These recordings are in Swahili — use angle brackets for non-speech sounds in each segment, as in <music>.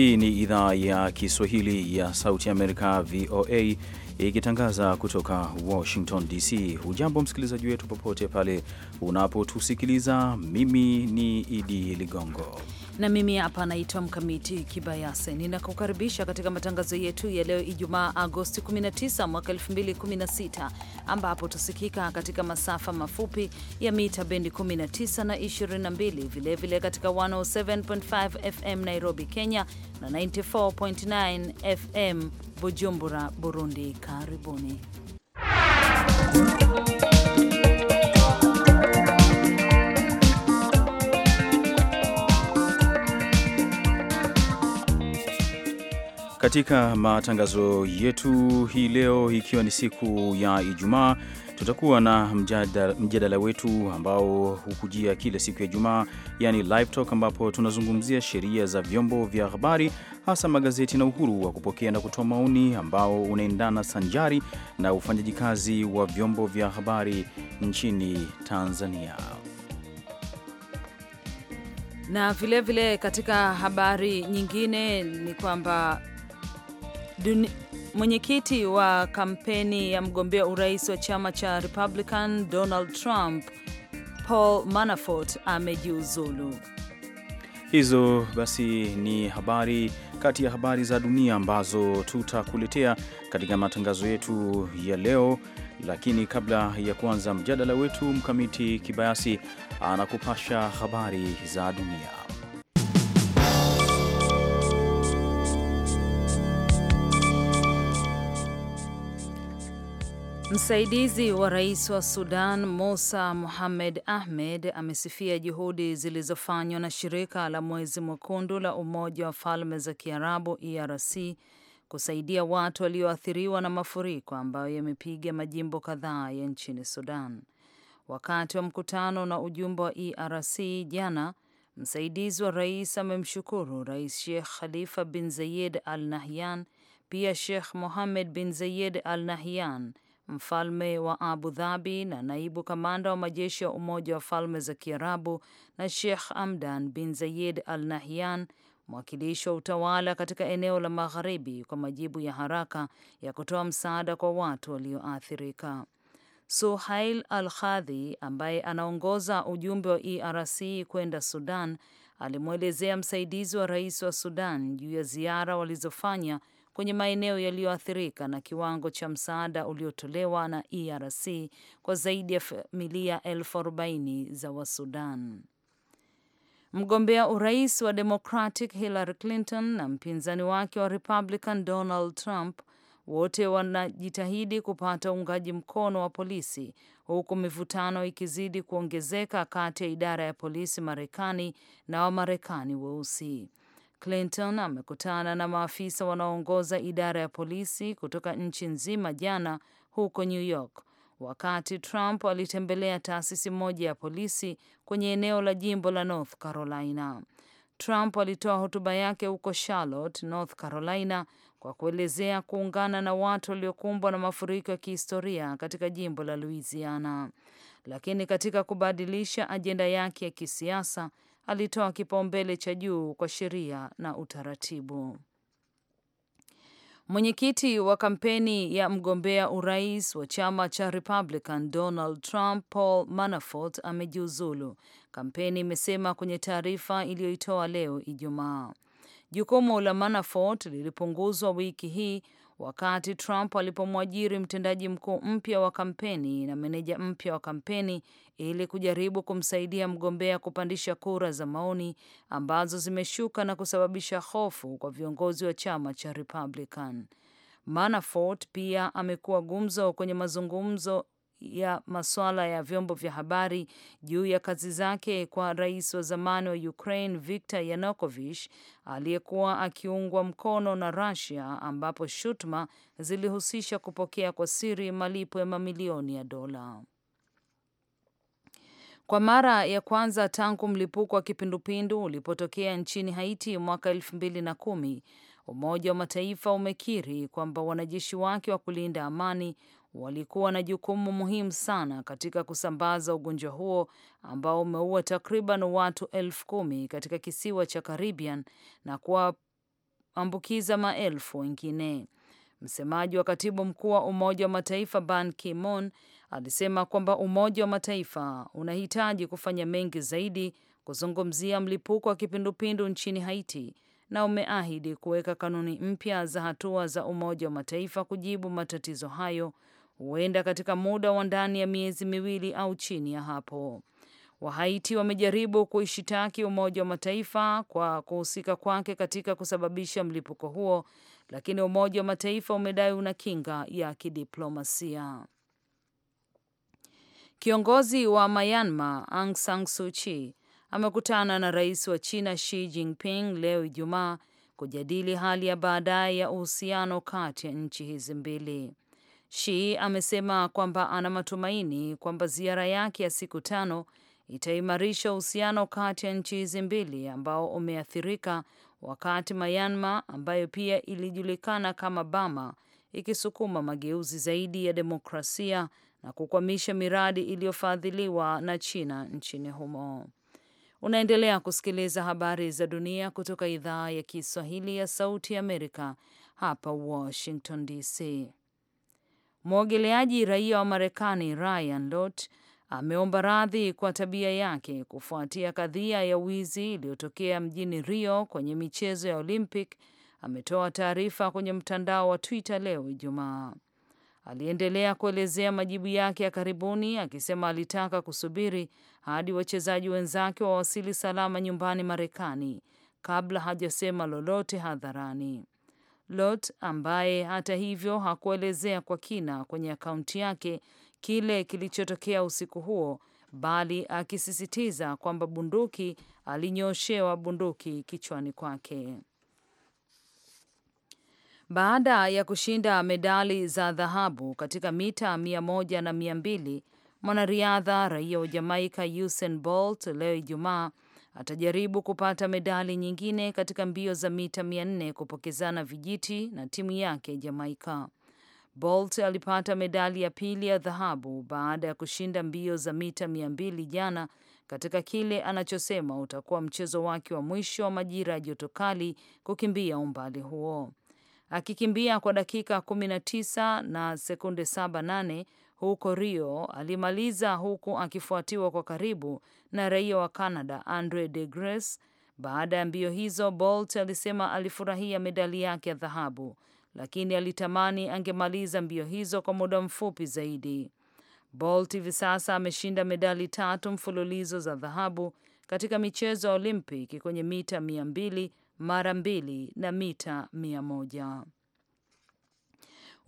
Hii ni idhaa ya Kiswahili ya Sauti ya Amerika, VOA, ikitangaza kutoka Washington DC. Hujambo msikilizaji wetu popote pale unapotusikiliza. Mimi ni Idi Ligongo na mimi hapa naitwa Mkamiti Kibayasi. Ninakukaribisha katika matangazo yetu ya leo Ijumaa, Agosti 19 mwaka 2016, ambapo tusikika katika masafa mafupi ya mita bendi 19 na 22, vilevile vile katika 107.5 FM Nairobi, Kenya na 94.9 FM Bujumbura, Burundi. Karibuni Katika matangazo yetu hii leo, ikiwa ni siku ya Ijumaa, tutakuwa na mjadala, mjadala wetu ambao hukujia kila siku ya Ijumaa, yani live talk, ambapo tunazungumzia sheria za vyombo vya habari, hasa magazeti na uhuru wa kupokea na kutoa maoni ambao unaendana sanjari na ufanyaji kazi wa vyombo vya habari nchini Tanzania na vilevile vile katika habari nyingine ni kwamba Duni... Mwenyekiti wa kampeni ya mgombea urais wa chama cha Republican Donald Trump Paul Manafort amejiuzulu. Hizo basi ni habari kati ya habari za dunia ambazo tutakuletea katika matangazo yetu ya leo, lakini kabla ya kuanza mjadala wetu, Mkamiti Kibayasi anakupasha habari za dunia. Msaidizi wa rais wa Sudan Musa muhamed Ahmed amesifia juhudi zilizofanywa na shirika la Mwezi Mwekundu la Umoja wa Falme za Kiarabu ERC kusaidia watu walioathiriwa na mafuriko ambayo yamepiga majimbo kadhaa ya nchini Sudan. Wakati wa mkutano na ujumbe wa ERC jana, msaidizi wa rais amemshukuru Rais Sheikh Khalifa bin Zayed Al Nahyan, pia Sheikh Mohamed bin Zayed Al Nahyan mfalme wa Abu Dhabi na naibu kamanda wa majeshi ya Umoja wa Falme za Kiarabu, na Sheikh amdan bin Zayed Al Nahyan, mwakilishi wa utawala katika eneo la Magharibi, kwa majibu ya haraka ya kutoa msaada kwa watu walioathirika. Suhail Al Khadhi, ambaye anaongoza ujumbe wa ERC kwenda Sudan, alimwelezea msaidizi wa rais wa Sudan juu ya ziara walizofanya kwenye maeneo yaliyoathirika na kiwango cha msaada uliotolewa na ERC kwa zaidi ya familia elfu arobaini za Wasudan. Mgombea urais wa Democratic Hillary Clinton na mpinzani wake wa Republican Donald Trump wote wanajitahidi kupata uungaji mkono wa polisi huku mivutano ikizidi kuongezeka kati ya idara ya polisi Marekani na Wamarekani weusi. Clinton amekutana na maafisa wanaoongoza idara ya polisi kutoka nchi nzima jana huko New York, wakati Trump alitembelea taasisi moja ya polisi kwenye eneo la jimbo la North Carolina. Trump alitoa hotuba yake huko Charlotte, North Carolina, kwa kuelezea kuungana na watu waliokumbwa na mafuriko ya kihistoria katika jimbo la Louisiana. Lakini katika kubadilisha ajenda yake ya kisiasa, alitoa kipaumbele cha juu kwa sheria na utaratibu. Mwenyekiti wa kampeni ya mgombea urais wa chama cha Republican Donald Trump, Paul Manafort amejiuzulu, kampeni imesema kwenye taarifa iliyoitoa leo Ijumaa. Jukumu la Manafort lilipunguzwa wiki hii wakati Trump alipomwajiri mtendaji mkuu mpya wa kampeni na meneja mpya wa kampeni ili kujaribu kumsaidia mgombea kupandisha kura za maoni ambazo zimeshuka na kusababisha hofu kwa viongozi wa chama cha Republican. Manafort pia amekuwa gumzo kwenye mazungumzo ya masuala ya vyombo vya habari juu ya kazi zake kwa rais wa zamani wa Ukraine Viktor Yanukovych aliyekuwa akiungwa mkono na Russia, ambapo shutuma zilihusisha kupokea kwa siri malipo ya mamilioni ya dola. Kwa mara ya kwanza tangu mlipuko wa kipindupindu ulipotokea nchini Haiti mwaka elfu mbili na kumi, Umoja wa Mataifa umekiri kwamba wanajeshi wake wa kulinda amani walikuwa na jukumu muhimu sana katika kusambaza ugonjwa huo ambao umeua takriban watu elfu kumi katika kisiwa cha Caribbean na kuwaambukiza maelfu wengine. Msemaji wa katibu mkuu wa Umoja wa Mataifa Ban Ki-moon alisema kwamba Umoja wa Mataifa unahitaji kufanya mengi zaidi kuzungumzia mlipuko wa kipindupindu nchini Haiti na umeahidi kuweka kanuni mpya za hatua za Umoja wa Mataifa kujibu matatizo hayo huenda katika muda wa ndani ya miezi miwili au chini ya hapo. Wahaiti wamejaribu kuishitaki Umoja wa Mataifa kwa kuhusika kwake katika kusababisha mlipuko huo, lakini Umoja wa Mataifa umedai una kinga ya kidiplomasia. Kiongozi wa Myanmar Aung San Suu Kyi amekutana na rais wa China Xi Jinping leo Ijumaa kujadili hali ya baadaye ya uhusiano kati ya nchi hizi mbili. Shi amesema kwamba ana matumaini kwamba ziara yake ya siku tano itaimarisha uhusiano kati ya nchi hizi mbili ambao umeathirika wakati Myanmar ambayo pia ilijulikana kama bama ikisukuma mageuzi zaidi ya demokrasia na kukwamisha miradi iliyofadhiliwa na China nchini humo. Unaendelea kusikiliza habari za dunia kutoka idhaa ya Kiswahili ya Sauti ya Amerika hapa Washington DC. Mwogeleaji raia wa Marekani Ryan Lott ameomba radhi kwa tabia yake kufuatia kadhia ya wizi iliyotokea mjini Rio kwenye michezo ya Olympic. Ametoa taarifa kwenye mtandao wa Twitter leo Ijumaa. Aliendelea kuelezea majibu yake ya karibuni akisema alitaka kusubiri hadi wachezaji wenzake wawasili salama nyumbani Marekani kabla hajasema lolote hadharani. Lot ambaye hata hivyo hakuelezea kwa kina kwenye akaunti yake kile kilichotokea usiku huo, bali akisisitiza kwamba bunduki alinyoshewa bunduki kichwani kwake. Baada ya kushinda medali za dhahabu katika mita mia moja na mia mbili, mwanariadha raia wa Jamaika Usain Bolt leo Ijumaa atajaribu kupata medali nyingine katika mbio za mita 400 kupokezana vijiti na timu yake Jamaika. Bolt alipata medali ya pili ya dhahabu baada ya kushinda mbio za mita 200 jana katika kile anachosema utakuwa mchezo wake wa mwisho wa majira ya joto kali kukimbia umbali huo akikimbia kwa dakika 19 na sekunde 78 huko Rio alimaliza huku akifuatiwa kwa karibu na raia wa Canada Andre De Grace. Baada ya mbio hizo, Bolt alisema alifurahia medali yake ya dhahabu, lakini alitamani angemaliza mbio hizo kwa muda mfupi zaidi. Bolt hivi sasa ameshinda medali tatu mfululizo za dhahabu katika michezo ya Olympic kwenye mita mia mbili mara mbili na mita mia moja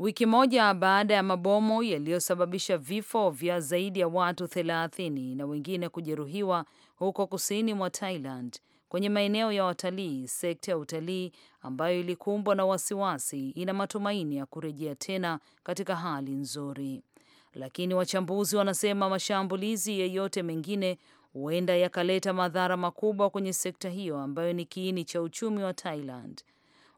wiki moja baada ya mabomu yaliyosababisha vifo vya zaidi ya watu 30 na wengine kujeruhiwa huko kusini mwa Thailand kwenye maeneo ya watalii. Sekta ya utalii ambayo ilikumbwa na wasiwasi ina matumaini ya kurejea tena katika hali nzuri, lakini wachambuzi wanasema mashambulizi yeyote mengine huenda yakaleta madhara makubwa kwenye sekta hiyo ambayo ni kiini cha uchumi wa Thailand.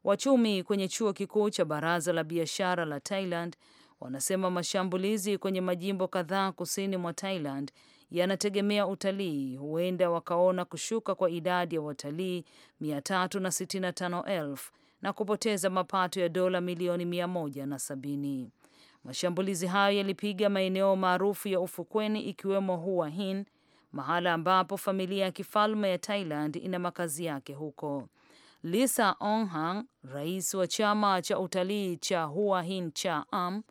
Wachumi kwenye chuo kikuu cha baraza la biashara la Thailand wanasema mashambulizi kwenye majimbo kadhaa kusini mwa Thailand yanategemea utalii, huenda wakaona kushuka kwa idadi ya watalii 365,000 na kupoteza mapato ya dola milioni 170. Mashambulizi hayo yalipiga maeneo maarufu ya ufukweni ikiwemo Hua Hin, mahala ambapo familia ya kifalme ya Thailand ina makazi yake huko. Lisa Onhang, rais wa chama cha utalii cha Hua Hin cha Am,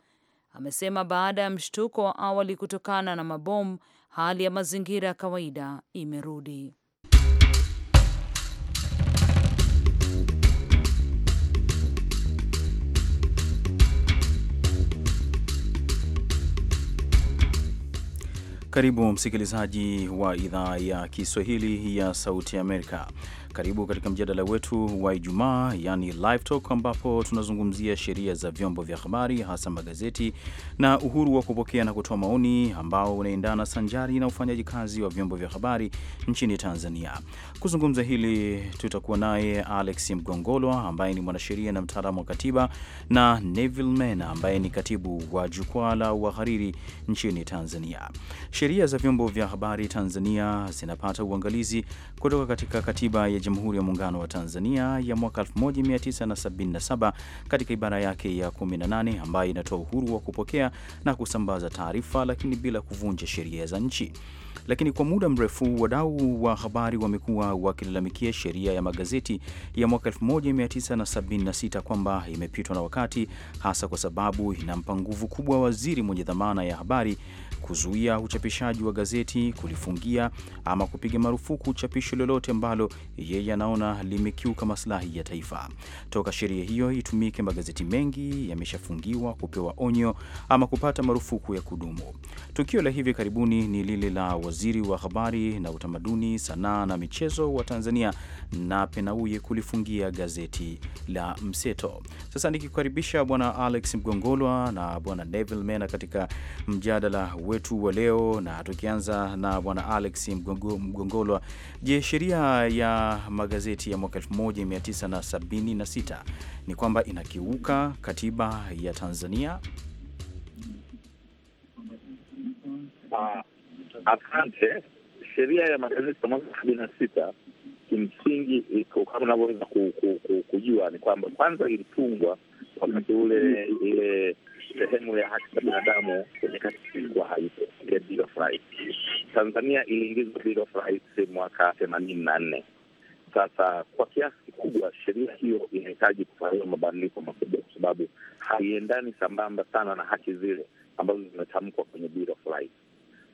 amesema baada ya mshtuko wa awali kutokana na mabomu, hali ya mazingira ya kawaida imerudi. Karibu msikilizaji wa idhaa ya Kiswahili ya Sauti Amerika. Karibu katika mjadala wetu wa Ijumaa, yani live talk, ambapo tunazungumzia sheria za vyombo vya habari, hasa magazeti na uhuru wa kupokea na kutoa maoni ambao unaendana sanjari na ufanyaji kazi wa vyombo vya habari nchini Tanzania. Kuzungumza hili, tutakuwa naye Alex Mgongolwa ambaye ni mwanasheria na mtaalamu wa katiba na Neville Mena ambaye ni katibu wa jukwaa la wahariri nchini Tanzania. Sheria za vyombo vya habari Tanzania zinapata uangalizi kutoka katika katiba ya Jamhuri ya Muungano wa Tanzania ya mwaka 1977 katika ibara yake ya 18 ambayo inatoa uhuru wa kupokea na kusambaza taarifa, lakini bila kuvunja sheria za nchi. Lakini kwa muda mrefu wadau wa habari wamekuwa wakilalamikia sheria ya magazeti ya mwaka 1976 kwamba imepitwa na wakati, hasa kwa sababu inampa nguvu kubwa waziri mwenye dhamana ya habari kuzuia uchapishaji wa gazeti, kulifungia ama kupiga marufuku chapisho lolote ambalo yeye anaona limekiuka maslahi ya taifa. Toka sheria hiyo itumike, magazeti mengi yameshafungiwa, kupewa onyo ama kupata marufuku ya kudumu. Tukio la hivi karibuni ni lile la waziri wa habari na utamaduni, sanaa na michezo wa Tanzania na Penauye kulifungia gazeti la Mseto. Sasa nikikukaribisha Bwana Alex Mgongolwa na Bwana Devil Mena katika mjadala we wetu wa leo, na tukianza na bwana Alex Mgongolwa. Je, sheria ya magazeti ya mwaka 1976 ni kwamba inakiuka katiba ya Tanzania? Ah, asante. Sheria ya magazeti ya mwaka sabini na sita kimsingi, kama unavyoweza kujua, ni kwamba kwanza ilitungwa wakati ule ile sehemu ya haki za binadamu kwenye katiba ilikuwa haipo, ile Bill of Rights. Tanzania iliingizwa Bill of Rights mwaka themanini na nne. Sasa kwa kiasi kikubwa sheria hiyo inahitaji kufanyiwa mabadiliko makubwa, kwa sababu haiendani sambamba sana na haki zile ambazo zimetamkwa kwenye Bill of Rights.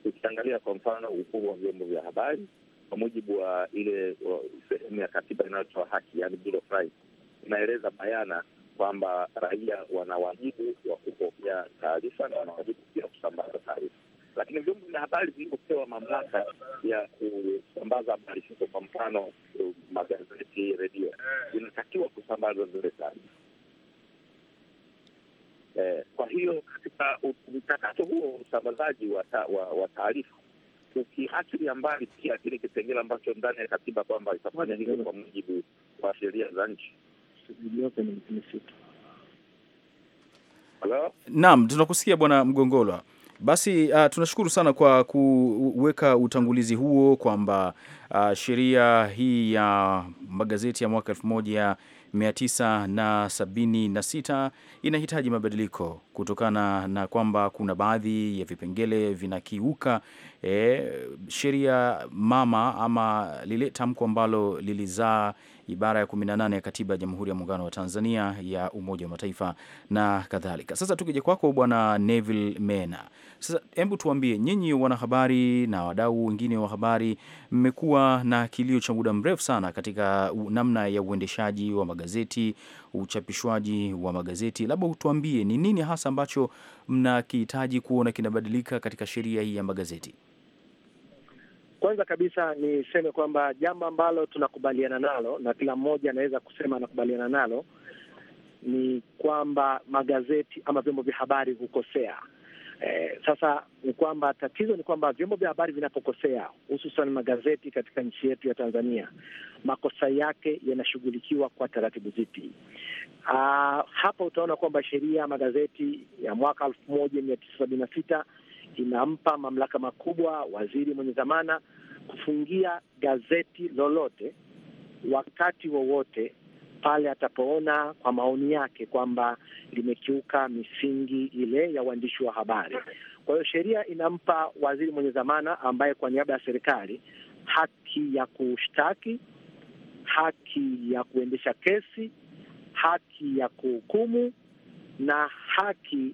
Ukiangalia kwa mfano uhuru wa vyombo vya habari, kwa mujibu wa ile sehemu ya katiba inayotoa haki, yani Bill of Rights, inaeleza bayana kwamba raia wana wajibu wa kupokea taarifa na wana wajibu pia kusambaza taarifa, lakini vyombo vya habari vilivyopewa mamlaka ya kusambaza habari hizo, kwa mfano magazeti, redio, vinatakiwa kusambaza zile taarifa. Eh, kwa hiyo katika mchakato huo usambazaji wa taarifa tukiachilia mbali pia kile kipengele ambacho ndani ya katiba kwamba itafanya hivyo kwa mujibu wa sheria za nchi nam misitu. Naam, tunakusikia Bwana Mgongola. Basi uh, tunashukuru sana kwa kuweka utangulizi huo kwamba uh, sheria hii ya magazeti ya mwaka elfu moja mia tisa na sabini na sita inahitaji mabadiliko kutokana na kwamba kuna baadhi ya vipengele vinakiuka eh, sheria mama ama lile tamko ambalo lilizaa ibara ya 18 ya katiba ya Jamhuri ya Muungano wa Tanzania ya Umoja wa Mataifa na kadhalika. Sasa tukija kwako Bwana Neville Mena, sasa hebu tuambie nyinyi wanahabari na wadau wengine wa habari, mmekuwa na kilio cha muda mrefu sana katika namna ya uendeshaji wa magazeti, uchapishwaji wa magazeti, labda utuambie ni nini hasa ambacho mnakihitaji kuona kinabadilika katika sheria hii ya magazeti? Kwanza kabisa niseme kwamba jambo ambalo tunakubaliana nalo na kila mmoja anaweza kusema anakubaliana nalo ni kwamba magazeti ama vyombo vya habari hukosea. Eh, sasa ni kwamba tatizo ni kwamba vyombo vya habari vinapokosea, hususan magazeti katika nchi yetu ya Tanzania, makosa yake yanashughulikiwa kwa taratibu zipi? Ah, hapa utaona kwamba sheria ya magazeti ya mwaka elfu moja mia tisa sabini na sita inampa mamlaka makubwa waziri mwenye dhamana kufungia gazeti lolote wakati wowote pale atapoona kwa maoni yake kwamba limekiuka misingi ile ya uandishi wa habari. Kwa hiyo sheria inampa waziri mwenye dhamana, ambaye kwa niaba ya serikali, haki ya kushtaki, haki ya kuendesha kesi, haki ya kuhukumu na haki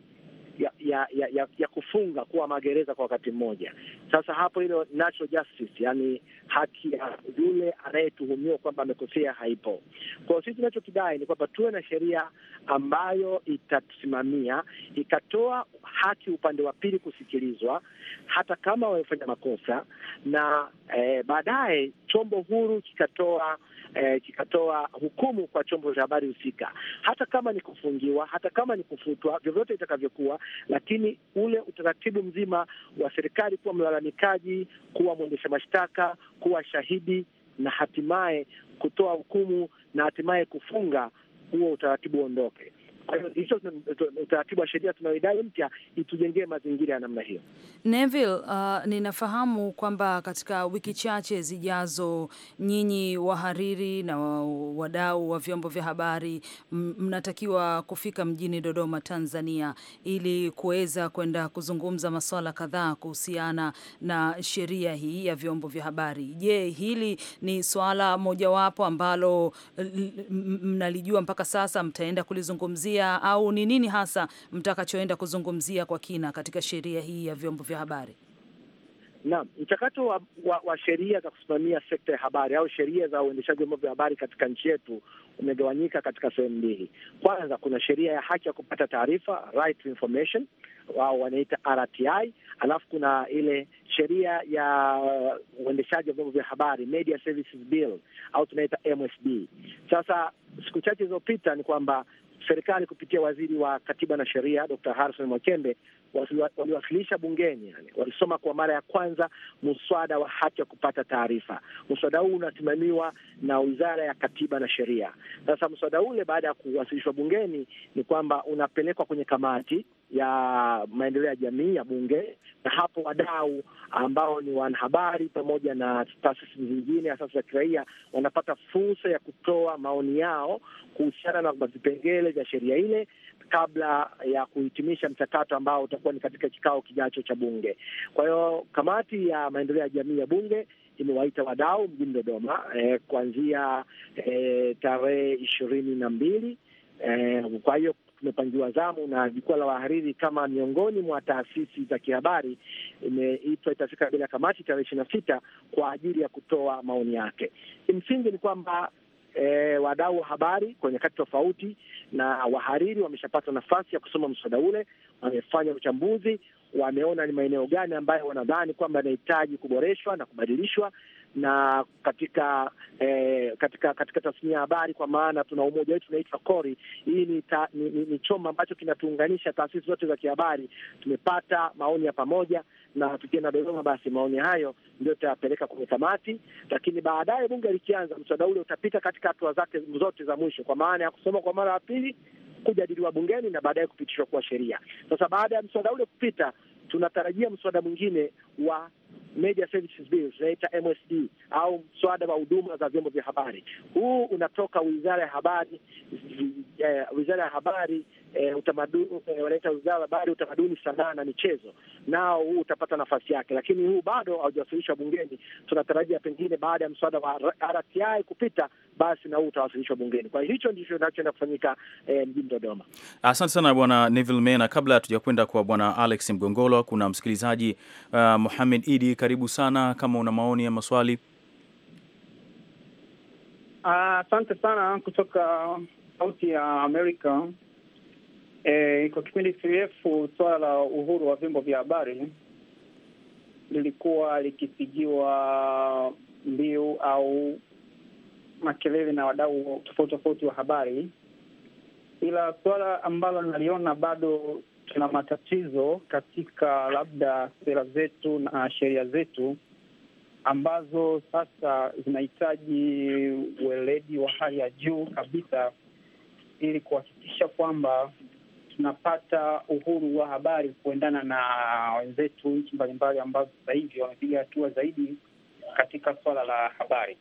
ya ya, ya, ya ya kufunga kuwa magereza kwa wakati mmoja. Sasa hapo hilo natural justice, yani haki ya yule anayetuhumiwa kwamba amekosea haipo. Kwa sisi tunachokidai ni kwamba tuwe na sheria ambayo itatusimamia ikatoa haki upande wa pili kusikilizwa, hata kama wamefanya makosa, na eh, baadaye chombo huru kikatoa eh, kikatoa hukumu kwa chombo cha habari husika, hata kama ni kufungiwa, hata kama ni kufutwa, vyovyote itakavyokuwa, lakini ule utaratibu mzima wa serikali kuwa mlalamikaji, kuwa mwendesha mashtaka, kuwa shahidi na hatimaye kutoa hukumu na hatimaye kufunga, huo utaratibu uondoke. Kwa hiyo hicho utaratibu wa sheria tunayoidai mpya itujengee mazingira ya namna hiyo. Neville, uh, ninafahamu kwamba katika wiki chache zijazo nyinyi wahariri na wadau wa vyombo vya habari mnatakiwa kufika mjini Dodoma, Tanzania ili kuweza kwenda kuzungumza masuala kadhaa kuhusiana na sheria hii ya vyombo vya habari. Je, hili ni suala mojawapo ambalo mnalijua mpaka sasa mtaenda kulizungumzia? sheria au ni nini hasa mtakachoenda kuzungumzia kwa kina katika sheria hii ya vyombo vya habari? Naam, mchakato wa, wa, wa sheria za kusimamia sekta ya habari au sheria za uendeshaji vyombo vya habari katika nchi yetu umegawanyika katika sehemu mbili. Kwanza kuna sheria ya haki ya kupata taarifa, right to information, wao wanaita RTI, alafu kuna ile sheria ya uendeshaji wa vyombo vya habari, media services bill, au tunaita MSB. Sasa siku chache zilizopita ni kwamba serikali kupitia waziri wa katiba na sheria Dr. Harrison Mwakembe waliwasilisha bungeni, yani walisoma kwa mara ya kwanza mswada wa haki ya kupata taarifa. Mswada huu unasimamiwa na wizara ya katiba na sheria. Sasa mswada ule baada ya kuwasilishwa bungeni, ni kwamba unapelekwa kwenye kamati ya maendeleo ya jamii ya bunge, na hapo wadau ambao ni wanahabari pamoja na taasisi zingine hasa za kiraia wanapata fursa ya kutoa maoni yao kuhusiana na vipengele vya sheria ile kabla ya kuhitimisha mchakato ambao utakuwa ni katika kikao kijacho cha bunge. Kwa hiyo kamati ya maendeleo ya jamii ya bunge imewaita wadau mjini Dodoma eh, kuanzia eh, tarehe ishirini na mbili eh, kwa hiyo tumepangiwa zamu na jukwaa la wahariri kama miongoni mwa taasisi za kihabari imeitwa itafika bila ya kamati tarehe ishirini na sita kwa ajili ya kutoa maoni yake. Kimsingi ni kwamba E, wadau wa habari kwa nyakati tofauti na wahariri wameshapata nafasi ya kusoma mswada ule, wamefanya uchambuzi, wameona ni maeneo gani ambayo wanadhani kwamba yanahitaji kuboreshwa na kubadilishwa, na katika eh, katika katika tasnia ya habari, kwa maana tuna umoja wetu unaitwa Kori. Hii ni, ni, ni, ni chombo ambacho kinatuunganisha taasisi zote za kihabari. Tumepata maoni ya pamoja na tukienda Dodoma, basi maoni hayo ndio tutayapeleka kwenye kamati, lakini baadaye bunge likianza, mswada ule utapita katika hatua zake zote za mwisho, kwa maana ya kusoma kwa mara ya pili, kujadiliwa bungeni na baadaye kupitishwa kuwa sheria. Sasa baada ya mswada ule kupita, tunatarajia mswada mwingine wa Media Services Bill, tunaita MSD au mswada wa huduma za vyombo vya habari. Huu unatoka wizara ya habari, eh, wizara ya habari e, utamaduni e, wanaita uzala bado utamaduni, sanaa na michezo, nao huu utapata nafasi yake, lakini huu bado haujawasilishwa bungeni. Tunatarajia pengine baada ya mswada wa RTI kupita, basi na huu utawasilishwa bungeni. Kwa hiyo hicho ndicho kinachoenda kufanyika e, mjini Dodoma. Asante sana bwana Neville Mena. Kabla hatujakwenda kwa bwana Alex Mgongolo, kuna msikilizaji uh, Muhamed Idi, karibu sana kama una maoni ya maswali. Asante uh, sana kutoka Sauti ya Amerika. E, kwa kipindi kirefu suala la uhuru wa vyombo vya habari lilikuwa likipigiwa mbiu au makelele na wadau tofauti tofauti wa habari, ila suala ambalo naliona bado tuna matatizo katika labda sera zetu na sheria zetu ambazo sasa zinahitaji weledi wa hali ya juu kabisa ili kuhakikisha kwamba tunapata uhuru wa habari kuendana na wenzetu nchi mbalimbali ambazo sasa hivi wamepiga hatua zaidi katika swala la habari.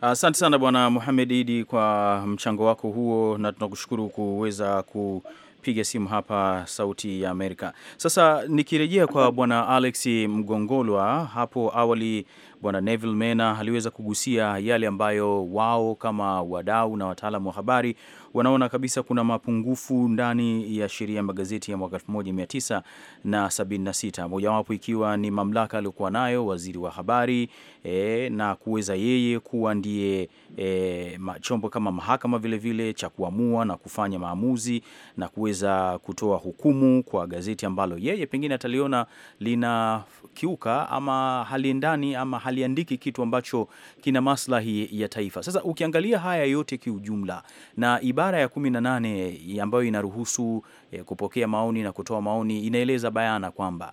Asante sana Bwana Muhamed Idi kwa mchango wako huo, na tunakushukuru kuweza kupiga simu hapa Sauti ya Amerika. Sasa nikirejea kwa Bwana Alex Mgongolwa, hapo awali Bwana Neville Mena aliweza kugusia yale ambayo wao kama wadau na wataalamu wa habari wanaona kabisa kuna mapungufu ndani ya sheria ya magazeti ya mwaka 1976, mojawapo ikiwa ni mamlaka aliyokuwa nayo waziri wa habari e, na kuweza yeye kuwa ndiye e, chombo kama mahakama vilevile cha kuamua na kufanya maamuzi na kuweza kutoa hukumu kwa gazeti ambalo yeye pengine ataliona lina kiuka ama haliendani ama hali haliandiki kitu ambacho kina maslahi ya taifa. Sasa ukiangalia haya yote kiujumla, na ibara ya kumi na nane ambayo inaruhusu eh, kupokea maoni na kutoa maoni inaeleza bayana kwamba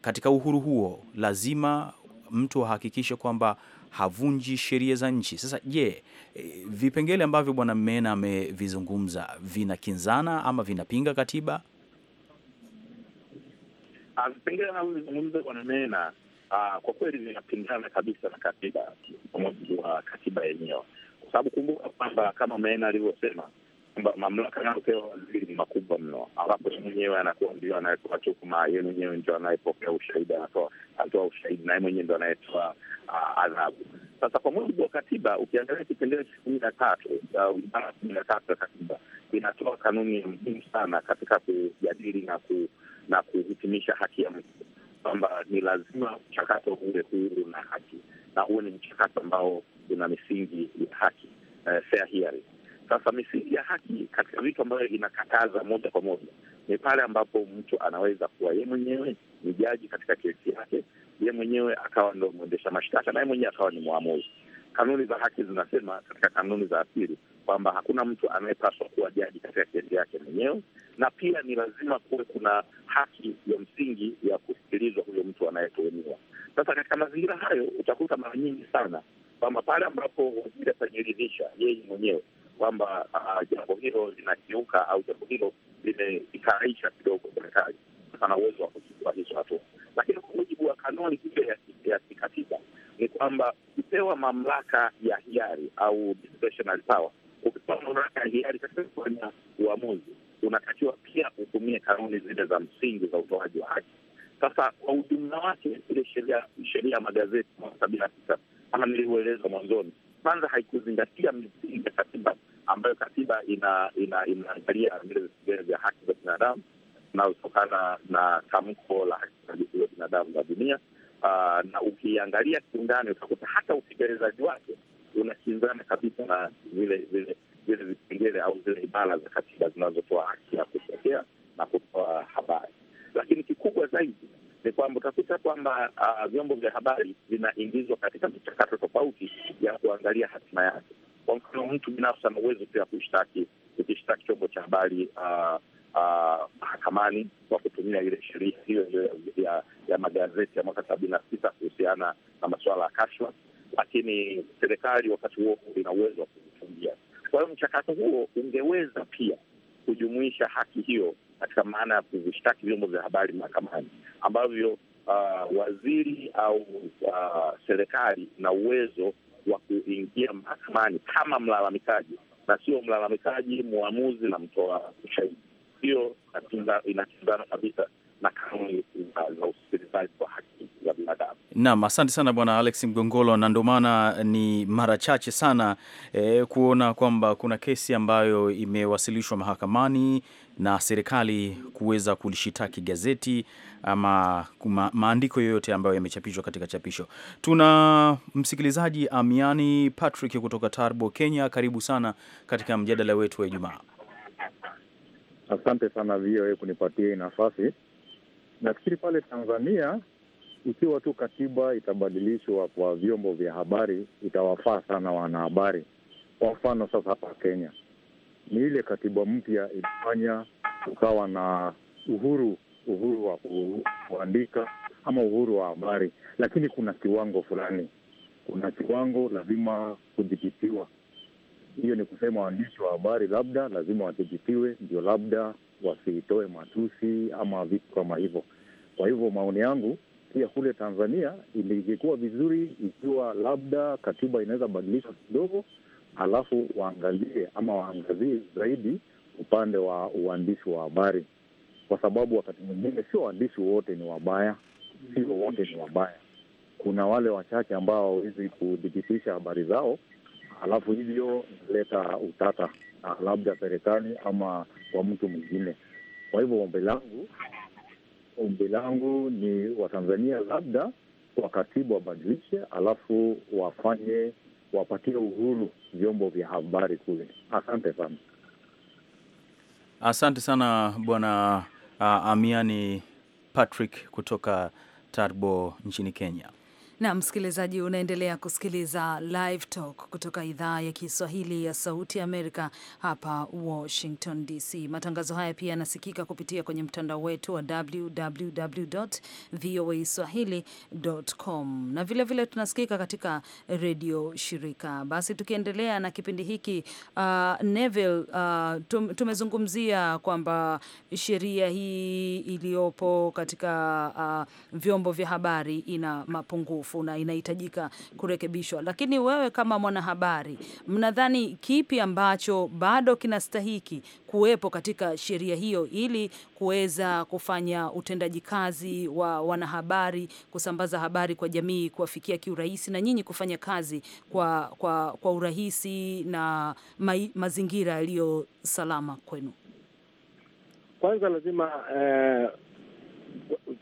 katika uhuru huo lazima mtu ahakikishe kwamba havunji sheria za nchi. Sasa je, yeah, vipengele ambavyo Bwana Mmena amevizungumza vinakinzana ama vinapinga katiba? Ah, vipengele anavyozungumza Bwana Mena uh, kwa kweli zinapingana kabisa na katiba, kwa mujibu wa katiba yenyewe, kwa sababu kumbuka kwamba kama Maina alivyosema kwamba mamlaka anayopewa waziri ni makubwa mno, ambapo ye mwenyewe anakuwa ndio anayetoa tuhuma, ye mwenyewe ndio anayepokea ushahidi, anatoa ushahidi na ye mwenyewe ndio anayetoa uh, adhabu. Sasa kwa mujibu wa katiba, ukiangalia kipengele cha kumi na tatu ah, ibara kumi na tatu ya katiba inatoa kanuni muhimu sana katika kujadili na ku, na kuhitimisha haki ya mtu ni lazima mchakato uwe huru na haki, na uwe ni mchakato ambao una misingi ya haki, uh, fair hearing. Sasa misingi ya haki katika vitu ambavyo inakataza moja kwa moja ni pale ambapo mtu anaweza kuwa ye mwenyewe ni jaji katika kesi yake, ye mwenyewe akawa ndo mwendesha mashtaka, naye mwenyewe akawa ni mwamuzi. Kanuni za haki zinasema katika kanuni za asili kwamba hakuna mtu anayepaswa kuwa jaji katika kesi yake mwenyewe, na pia ni lazima kuwe kuna haki ya msingi ya kusikilizwa huyo mtu anayetuhumiwa. Sasa katika mazingira hayo utakuta mara nyingi sana kwamba pale ambapo waziri atajiridhisha yeye mwenyewe kwamba uh, jambo hilo linakiuka au jambo hilo limeikaraisha kidogo serikali, ana uwezo wa kuchukua hizo hatua. Lakini kwa mujibu wa kanuni hiyo ya kikatiba ni kwamba kupewa mamlaka ya hiari au discretionary power ukiwa na mamlaka ya hiari katika kufanya uamuzi, unatakiwa pia utumie kanuni zile za msingi za utoaji wa haki. Sasa kwa ujumla wake, ile sheria sheria ya magazeti mwaka sabini na tisa kama nilivyoeleza mwanzoni, kwanza haikuzingatia misingi ya katiba ambayo katiba inaangalia vile ina vya haki za binadamu inayotokana na tamko la haki za binadamu za dunia. Uh, na ukiangalia kiundani utakuta hata utekelezaji wake unakinzana kabisa na vile vile vile vipengele au zile ibara za katiba zinazotoa haki ya kupokea na kutoa habari. Lakini kikubwa zaidi ni kwamba utakuta kwamba uh, vyombo vya habari vinaingizwa katika michakato tofauti ya kuangalia hatima yake. Kwa mfano, mtu binafsi ana uwezo pia kushtaki, ukishtaki chombo cha habari uh, mahakamani uh, kwa kutumia ile sheria hiyo ya, ya magazeti ya mwaka sabini na sita kuhusiana na masuala ya kashfa lakini serikali wakati huo ina uwezo wa kufungia. Kwa hiyo mchakato huo ungeweza pia kujumuisha haki hiyo katika maana ya kuvishtaki vyombo vya habari mahakamani ambavyo uh, waziri au uh, serikali na uwezo wa kuingia mahakamani kama mlalamikaji na sio mlalamikaji mwamuzi na mtoa ushahidi. Hiyo inakinzana kabisa na kanuni za usikilizaji wa haki ya binadamu. Naam, asante sana Bwana Alex Mgongolo, na ndio maana ni mara chache sana eh, kuona kwamba kuna kesi ambayo imewasilishwa mahakamani na serikali kuweza kulishitaki gazeti ama kuma, maandiko yoyote ambayo yamechapishwa katika chapisho. Tuna msikilizaji Amiani Patrick kutoka Tarbo, Kenya. Karibu sana katika mjadala wetu wa Ijumaa. Asante sana VOA kunipatia hii nafasi. Nafikiri pale Tanzania ikiwa tu katiba itabadilishwa kwa vyombo vya habari itawafaa sana wanahabari. Kwa mfano sasa, hapa Kenya ni ile katiba mpya ilifanya ukawa na uhuru uhuru wa kuandika ama uhuru wa habari, lakini kuna kiwango fulani, kuna kiwango lazima kudhibitiwa. Hiyo ni kusema waandishi wa habari labda lazima wadhibitiwe, ndio labda wasitoe matusi ama vitu kama hivyo. Kwa hivyo maoni yangu pia kule Tanzania ingekuwa vizuri ikiwa labda katiba inaweza badilishwa kidogo, alafu waangalie ama waangazie zaidi upande wa uandishi wa habari, kwa sababu wakati mwingine sio waandishi wote ni wabaya, sio wote ni wabaya. Kuna wale wachache ambao hawawezi kudhibitisha habari zao, alafu hivyo inaleta utata labda serikali ama kwa mtu mwingine. Kwa hivyo ombi langu ombi langu ni Watanzania labda wakatibu wabadilishe, alafu wafanye wapatie uhuru vyombo vya habari kule. Asante sana, asante sana bwana uh, Amiani Patrick kutoka Tarbo nchini Kenya. Na msikilizaji, unaendelea kusikiliza Live Talk kutoka idhaa ya Kiswahili ya Sauti ya Amerika hapa Washington DC. Matangazo haya pia yanasikika kupitia kwenye mtandao wetu wa www voa swahili.com, na vilevile vile tunasikika katika redio shirika. Basi tukiendelea na kipindi hiki uh, Neville, uh, tumezungumzia kwamba sheria hii iliyopo katika uh, vyombo vya habari ina mapungufu mapungufu na inahitajika kurekebishwa. Lakini wewe kama mwanahabari, mnadhani kipi ambacho bado kinastahiki kuwepo katika sheria hiyo ili kuweza kufanya utendaji kazi wa wanahabari kusambaza habari kwa jamii kuwafikia kiurahisi na nyinyi kufanya kazi kwa, kwa, kwa urahisi na ma, mazingira yaliyo salama kwenu? Kwanza lazima eh,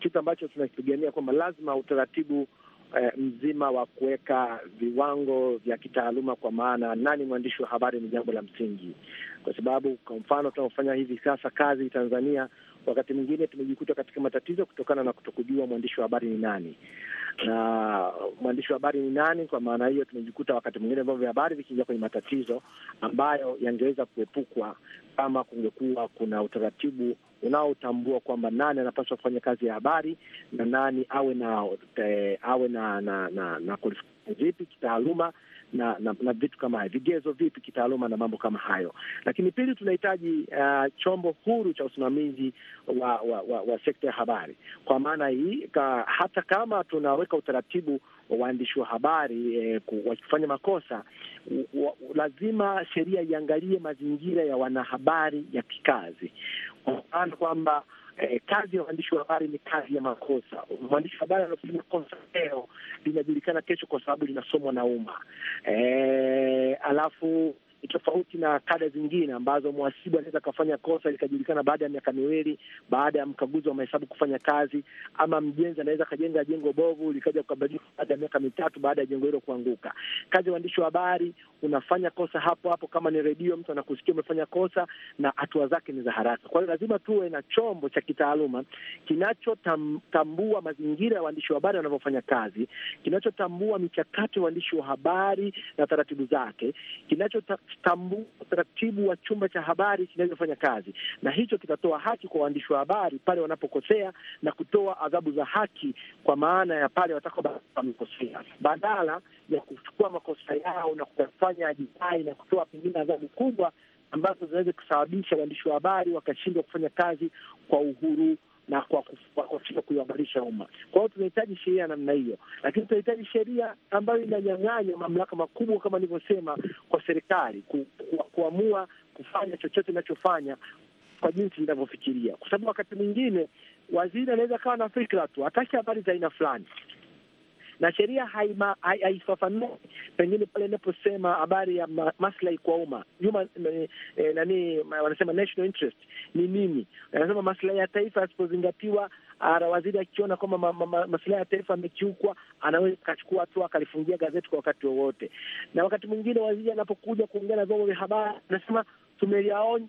kitu ambacho tunakipigania kwamba lazima utaratibu eh, mzima wa kuweka viwango vya kitaaluma, kwa maana nani mwandishi wa habari ni jambo la msingi, kwa sababu kwa mfano tunaofanya hivi sasa kazi Tanzania, wakati mwingine tumejikuta katika matatizo kutokana na kutokujua mwandishi wa habari ni nani na mwandishi wa habari ni nani. Kwa maana hiyo, tumejikuta wakati mwingine vyombo vya habari vikiingia kwenye matatizo ambayo yangeweza kuepukwa kama kungekuwa kuna utaratibu unaotambua kwamba nani anapaswa kufanya kazi ya habari na nani awe na eh, awe na na, na, na, na, na, kitaaluma na, na, na vitu kama hayo, vigezo vipi kitaaluma na mambo kama hayo. Lakini pili, tunahitaji uh, chombo huru cha usimamizi wa, wa, wa, wa sekta ya habari. Kwa maana hii ka, hata kama tunaweka utaratibu waandishi wa habari eh, wakifanya makosa u, u, lazima sheria iangalie mazingira ya wanahabari ya kikazi, kwa mfano kwamba eh, kazi ya waandishi wa habari ni kazi ya makosa. Mwandishi wa habari anafanya kosa leo linajulikana kesho, kwa sababu linasomwa na umma eh, alafu ni tofauti na kada zingine ambazo mwasibu anaweza akafanya kosa likajulikana baada ya miaka miwili, baada ya mkaguzi wa mahesabu kufanya kazi, ama mjenzi anaweza akajenga jengo bovu likaja kukabadilika baada ya miaka mitatu baada ya jengo hilo kuanguka. Kazi ya waandishi wa habari, unafanya kosa hapo hapo. Kama ni redio, mtu anakusikia umefanya kosa na hatua zake ni za haraka. Kwa hiyo lazima tuwe na chombo cha kitaaluma kinachotambua mazingira ya waandishi wa habari wanavyofanya kazi, kinachotambua michakato ya waandishi wa habari na taratibu zake, kinacho tambua utaratibu wa chumba cha habari kinachofanya kazi, na hicho kitatoa haki kwa waandishi wa habari pale wanapokosea na kutoa adhabu za haki, kwa maana ya pale watakapo wamekosea, badala ya kuchukua makosa yao na kuyafanya jinai na kutoa pengine adhabu kubwa ambazo zinaweza kusababisha waandishi wa habari wakashindwa kufanya kazi kwa uhuru na kwa, kwa, kuihabarisha umma. Kwa hiyo tunahitaji sheria ya namna hiyo, lakini tunahitaji sheria ambayo inanyang'anya mamlaka makubwa kama nilivyosema kwa serikali ku, ku, kuamua kufanya chochote inachofanya kwa jinsi inavyofikiria, kwa sababu wakati mwingine waziri anaweza kawa na fikra tu, hataki habari za aina fulani, na sheria haifafanui hai, pengine pale inaposema habari ya ma, maslahi kwa umma nyuma eh, eh nani wanasema national interest ni nini? Wanasema maslahi ya taifa yasipozingatiwa waziri akiona kwamba ma, ma, ma, masilahi ya taifa amekiukwa, anaweza akachukua hatua akalifungia gazeti kwa wakati wowote. Na wakati mwingine waziri anapokuja kuongea na vyombo vya habari anasema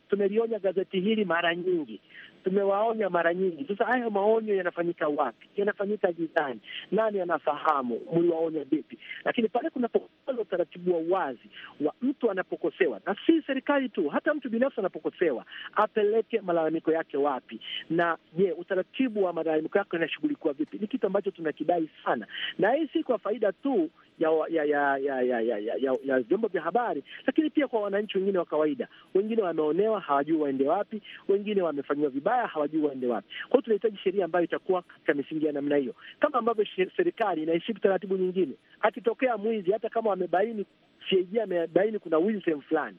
tumelionya gazeti hili mara nyingi, tumewaonya mara nyingi. Sasa haya maonyo yanafanyika wapi? Yanafanyika gizani, nani anafahamu? Mliwaonya vipi? Lakini pale kunapokosa utaratibu wa uwazi wa mtu anapokosewa, na si serikali tu, hata mtu binafsi anapokosewa, apeleke malalamiko yake wapi, na je, utaratibu wa malalamiko yake anashughulikiwa vipi? Ni kitu ambacho tunakidai sana, na hii si kwa faida tu ya ya ya ya ya ya ya ya ya vyombo vya habari, lakini pia kwa wananchi wengine wa kawaida. Wengine wameonewa, hawajui waende wapi, wengine wamefanyiwa vibaya, hawajui waende wapi. Kwa hiyo tunahitaji sheria ambayo itakuwa katika misingi ya namna hiyo, kama ambavyo serikali inaheshimu taratibu nyingine. Akitokea mwizi, hata kama wamebaini CAG amebaini kuna wizi sehemu fulani,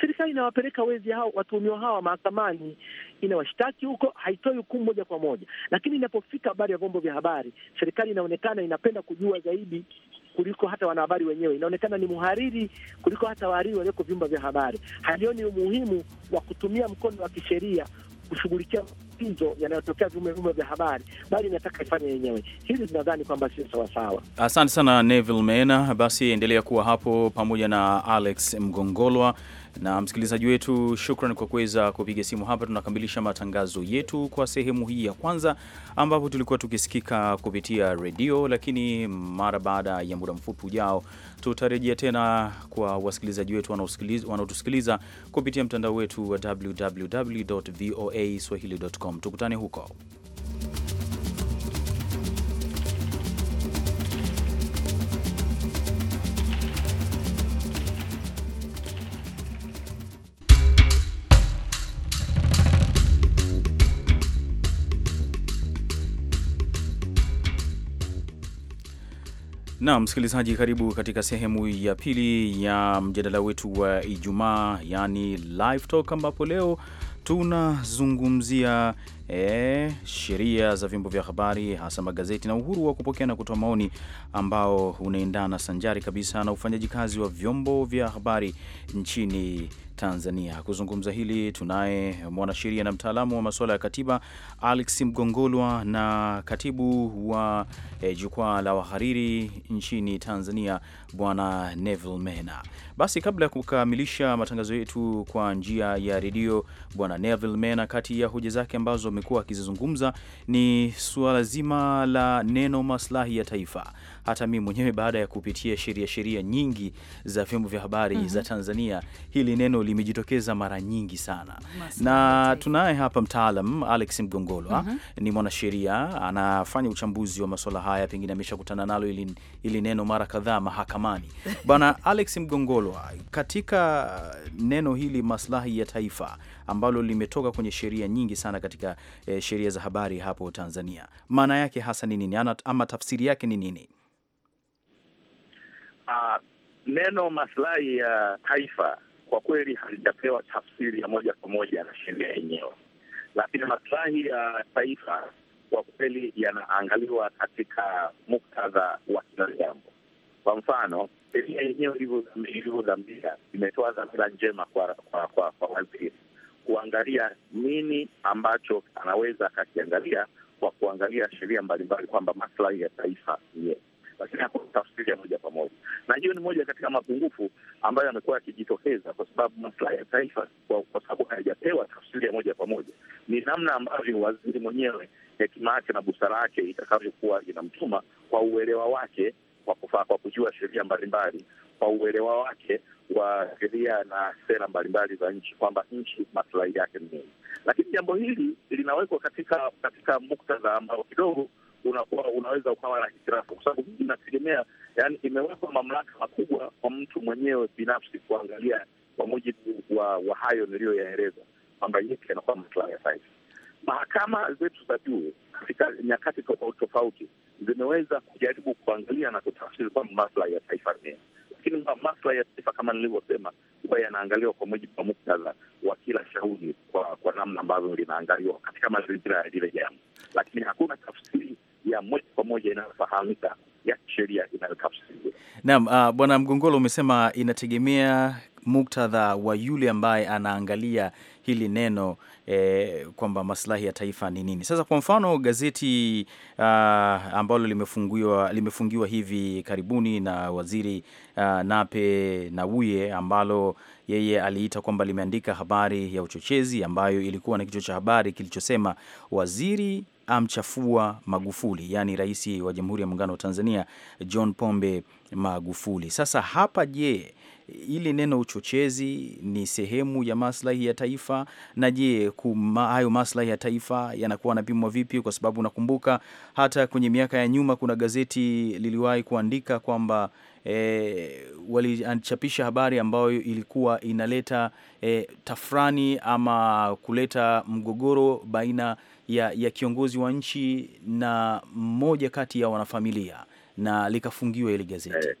serikali inawapeleka wezi hao, watuhumiwa hawa mahakamani, inawashtaki huko. Haitoi hukumu moja kwa moja, lakini inapofika habari ya vyombo vya habari, serikali inaonekana inapenda kujua zaidi kuliko hata wanahabari wenyewe. Inaonekana ni mhariri kuliko hata wahariri walioko vyumba vya habari. Halioni umuhimu wa kutumia mkono wa kisheria kushughulikia matatizo yanayotokea vyumba vya habari, bali inataka ifanye yenyewe. Hili tunadhani kwamba sio sawasawa. Asante sana Neville Meena. Basi endelea kuwa hapo pamoja na Alex Mgongolwa. Na msikilizaji wetu, shukran kwa kuweza kupiga simu hapa. Tunakamilisha matangazo yetu kwa sehemu hii ya kwanza, ambapo tulikuwa tukisikika kupitia redio, lakini mara baada ya muda mfupi ujao tutarejea tena kwa wasikilizaji wetu wanaotusikiliza kupitia mtandao wetu wa www voa swahili.com. Tukutane huko. Na msikilizaji, karibu katika sehemu ya pili ya mjadala wetu wa Ijumaa, yani live talk, ambapo leo tunazungumzia e, sheria za vyombo vya habari hasa magazeti na uhuru wa kupokea na kutoa maoni ambao unaendana sanjari kabisa na ufanyaji kazi wa vyombo vya habari nchini Tanzania. Kuzungumza hili tunaye mwanasheria na mtaalamu wa masuala ya katiba Alex Mgongolwa na katibu wa eh, jukwaa la wahariri nchini Tanzania bwana Neville Mena. Basi kabla ya kukamilisha matangazo yetu kwa njia ya redio, bwana Neville Mena, kati ya hoja zake ambazo amekuwa akizizungumza ni suala zima la neno maslahi ya taifa hata mimi mwenyewe baada ya kupitia sheria sheria nyingi za vyombo vya habari mm -hmm. za Tanzania, hili neno limejitokeza mara nyingi sana Masa, na tunaye hapa mtaalam Alex Mgongolwa ah, mm -hmm. ni mwanasheria anafanya uchambuzi wa masuala haya, pengine ameshakutana nalo ili, ili neno mara kadhaa mahakamani <laughs> bwana Alex Mgongolwa, ah, katika neno hili maslahi ya taifa ambalo limetoka kwenye sheria nyingi sana katika eh, sheria za habari hapo Tanzania, maana yake hasa ni nini ama tafsiri yake ni nini? Ah, neno maslahi ya taifa kwa kweli halijapewa tafsiri ya moja kwa moja na sheria yenyewe, lakini maslahi ya taifa kwa kweli yanaangaliwa katika muktadha wa kila jambo. Kwa mfano, sheria yenyewe ilivyodhamiria imetoa dhamira njema kwa, kwa, kwa, kwa waziri kuangalia nini ambacho anaweza akakiangalia kwa kuangalia sheria mbalimbali kwamba maslahi ya taifa ye, lakini hakuna tafsiri ya moja hiyo ni moja katika mapungufu ambayo yamekuwa yakijitokeza, kwa sababu maslahi ya taifa, kwa sababu hayajapewa tafsiri ya moja kwa moja. Ni namna ambavyo waziri mwenyewe hekima yake na busara yake itakavyokuwa inamtuma kwa uelewa wake kwa kufaa, kwa kujua sheria mbalimbali, kwa uelewa wake wa sheria na sera mbalimbali za nchi, kwamba nchi maslahi yake ni nini. Lakini jambo hili linawekwa katika katika muktadha ambao kidogo unakuwa unaweza ukawa na hitirafu kwa sababu hii inategemea yani imewekwa mamlaka makubwa kwa mtu mwenyewe binafsi kuangalia kwa mujibu wa, wa hayo niliyoyaeleza kwamba yetu yanakuwa maslahi ya taifa. Mahakama zetu za juu katika nyakati tofauti tofauti zimeweza kujaribu kuangalia na kutafsiri kwamba maslahi ya taifa ni lakini maslahi ya taifa kama nilivyosema, huwa yanaangaliwa kwa mujibu wa muktadha wa kila shauri kwa kwa namna ambavyo linaangaliwa katika mazingira ya lile jambo, lakini hakuna tafsiri ya moja kwa moja inayofahamika ya kisheria inayotafsiriwa. Naam, uh, Bwana Mgongolo, umesema inategemea muktadha wa yule ambaye anaangalia hili neno eh, kwamba maslahi ya taifa ni nini. Sasa kwa mfano gazeti uh, ambalo limefungiwa, limefungiwa hivi karibuni na waziri uh, Nape Nnauye ambalo yeye aliita kwamba limeandika habari ya uchochezi ambayo ilikuwa na kichwa cha habari kilichosema waziri amchafua Magufuli, yaani rais wa Jamhuri ya Muungano wa Tanzania John Pombe Magufuli. Sasa hapa, je, ili neno uchochezi ni sehemu ya maslahi ya taifa? Na je, hayo maslahi ya taifa yanakuwa yanapimwa vipi? Kwa sababu nakumbuka hata kwenye miaka ya nyuma kuna gazeti liliwahi kuandika kwamba e, walichapisha habari ambayo ilikuwa inaleta e, tafrani ama kuleta mgogoro baina ya, ya kiongozi wa nchi na mmoja kati ya wanafamilia na likafungiwa ile gazeti. Eh.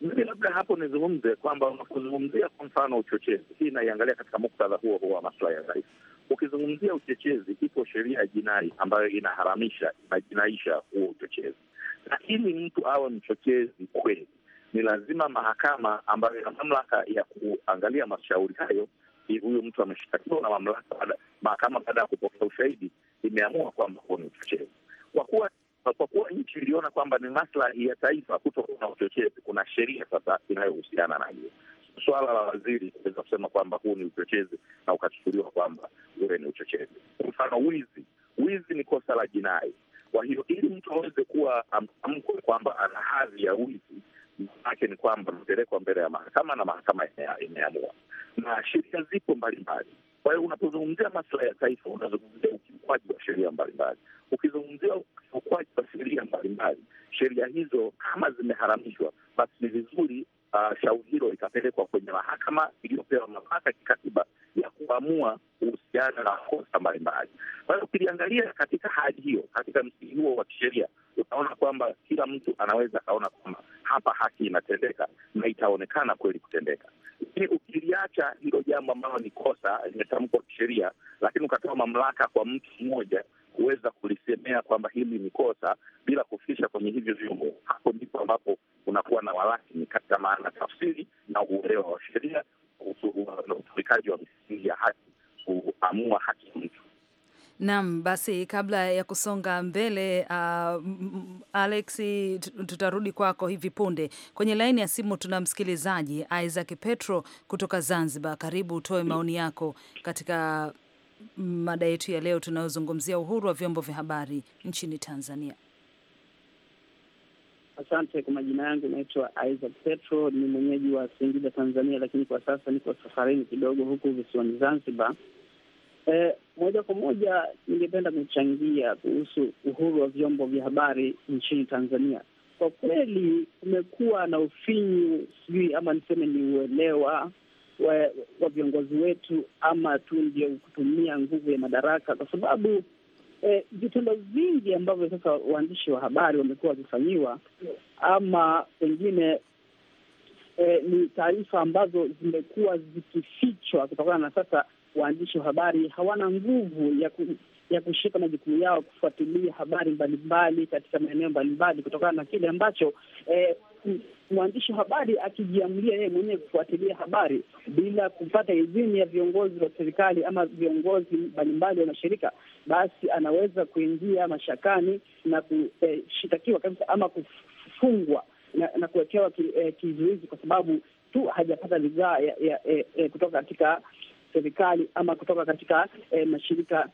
Mimi labda hapo nizungumze kwamba unapozungumzia kwa mfano uchochezi, hii inaiangalia katika muktadha huo huo wa maslahi ya rais. Ukizungumzia uchochezi, ipo sheria ya jinai ambayo inaharamisha, inajinaisha huo uchochezi na ili mtu awe mchochezi kweli, ni lazima mahakama ambayo ina mamlaka ya kuangalia mashauri hayo, huyo mtu ameshtakiwa na mamlaka, mahakama baada ya kupokea ushahidi imeamua kwamba huo ni uchochezi. Kwa kuwa kwa kuwa nchi iliona kwamba ni maslahi ya taifa kutokuwa na uchochezi, kuna sheria sasa inayohusiana na hiyo suala la waziri kuweza kusema kwamba huu ni uchochezi na ukachukuliwa kwamba ule ni uchochezi. Kwa mfano wizi, wizi ni kosa la jinai kwa hiyo ili mtu aweze kuwa amkwe kwamba ana hadhi ya wizi, maanake ni kwamba mpelekwa mbele ya mahakama na mahakama imeamua, na sheria zipo mbalimbali. Kwa hiyo unapozungumzia maslahi ya taifa, unazungumzia ukiukwaji wa sheria mbalimbali. Ukizungumzia ukiukwaji wa sheria mbalimbali, sheria hizo kama zimeharamishwa, basi ni vizuri uh, shauri hilo likapelekwa kwenye mahakama iliyopewa mamlaka kikatiba ya kuamua kuhusiana na kosa mbalimbali. Kwa hiyo ukiliangalia katika hali hiyo, katika msingi huo wa kisheria, utaona kwamba kila mtu anaweza akaona kwamba hapa haki inatendeka na itaonekana kweli kutendeka. Lakini ukiliacha hilo jambo ambalo ni kosa limetamkwa kisheria, lakini ukatoa mamlaka kwa mtu mmoja kuweza kulisemea kwamba hili ni kosa bila kufikisha kwenye hivyo vyombo. Hapo ndipo ambapo unakuwa na walakini katika maana tafsiri na uelewa wa sheria kuhusu na utumikaji wa misingi ya haki kuamua haki ya mtu. Naam, basi kabla ya kusonga mbele uh, Alex, tutarudi kwako hivi punde. Kwenye laini ya simu tuna msikilizaji Isaac Petro kutoka Zanzibar. Karibu utoe maoni yako katika mada yetu ya leo tunayozungumzia uhuru wa vyombo vya habari nchini Tanzania. Asante. Kwa majina yangu naitwa Isaac Petro, ni mwenyeji wa Singida, Tanzania, lakini kwa sasa niko safarini kidogo huku visiwani Zanzibar. E, moja kwa moja ningependa kuchangia kuhusu uhuru wa vyombo vya habari nchini Tanzania. Kwa kweli kumekuwa na ufinyu, sijui ama niseme ni uelewa wa, wa viongozi wetu ama tu ndio kutumia nguvu ya madaraka, kwa sababu eh, vingi ambavyo sasa waandishi wa habari wamekuwa wakifanyiwa ama pengine eh, ni taarifa ambazo zimekuwa zikifichwa kutokana na sasa waandishi wa habari hawana nguvu ya ku, ya kushika majukumu yao kufuatilia habari mbalimbali katika maeneo mbalimbali kutokana na kile ambacho eh, mwandishi wa habari akijiamulia yeye mwenyewe kufuatilia habari bila kupata idhini ya viongozi wa serikali ama viongozi mbalimbali wa mashirika, basi anaweza kuingia mashakani na kushitakiwa eh, kabisa ama kufungwa na, na kuwekewa eh, kizuizi kwa sababu tu hajapata ridhaa ya, ya, eh, eh, kutoka katika serikali ama kutoka katika eh, mashirika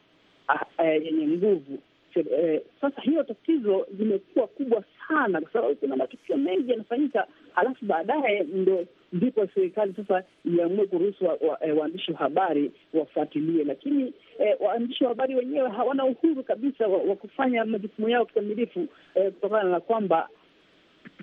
yenye ah, eh, nguvu eh, sasa hiyo tatizo limekuwa kubwa sana, kwa sababu kuna matukio mengi yanafanyika, halafu baadaye ndo ndipo serikali sasa iamue kuruhusu waandishi wa, wa, eh, wa habari wafuatilie, lakini eh, waandishi wa habari wenyewe hawana uhuru kabisa wa, wa kufanya majukumu yao kikamilifu eh, kutokana na kwamba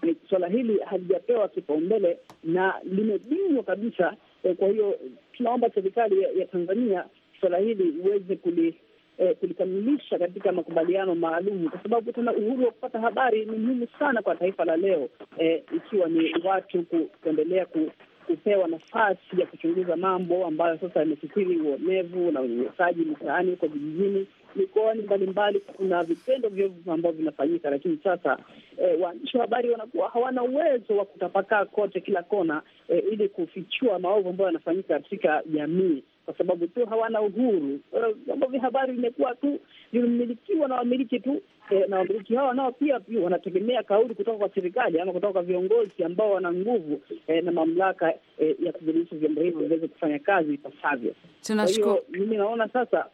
eh, suala hili halijapewa kipaumbele na limebinywa kabisa eh, kwa hiyo tunaomba serikali ya, ya Tanzania suala hili iweze kuli eh, kulikamilisha katika makubaliano maalum, kwa sababu tuna uhuru wa kupata habari ni muhimu sana kwa taifa la leo eh, ikiwa ni watu kuendelea ku, kupewa nafasi ya kuchunguza mambo ambayo sasa yamekithiri uonevu na unyenyesaji mitaani, huko vijijini, mikoani mbalimbali. Kuna vitendo vyovu ambavyo vinafanyika, lakini sasa eh, waandishi wa habari wanakuwa hawana uwezo wa kutapakaa kote kila kona eh, ili kufichua maovu ambayo yanafanyika katika jamii kwa sababu tu hawana uhuru. Vyombo vya habari vimekuwa tu vimemilikiwa na wamiliki tu eh, na wamiliki hawa nao pia pia wanategemea kauli kutoka kwa serikali ama kutoka kwa viongozi ambao wana nguvu eh, na mamlaka eh, ya kuviruhusu vyombo hivyo viweze kufanya kazi ipasavyo. Kwa hiyo mimi naona sasa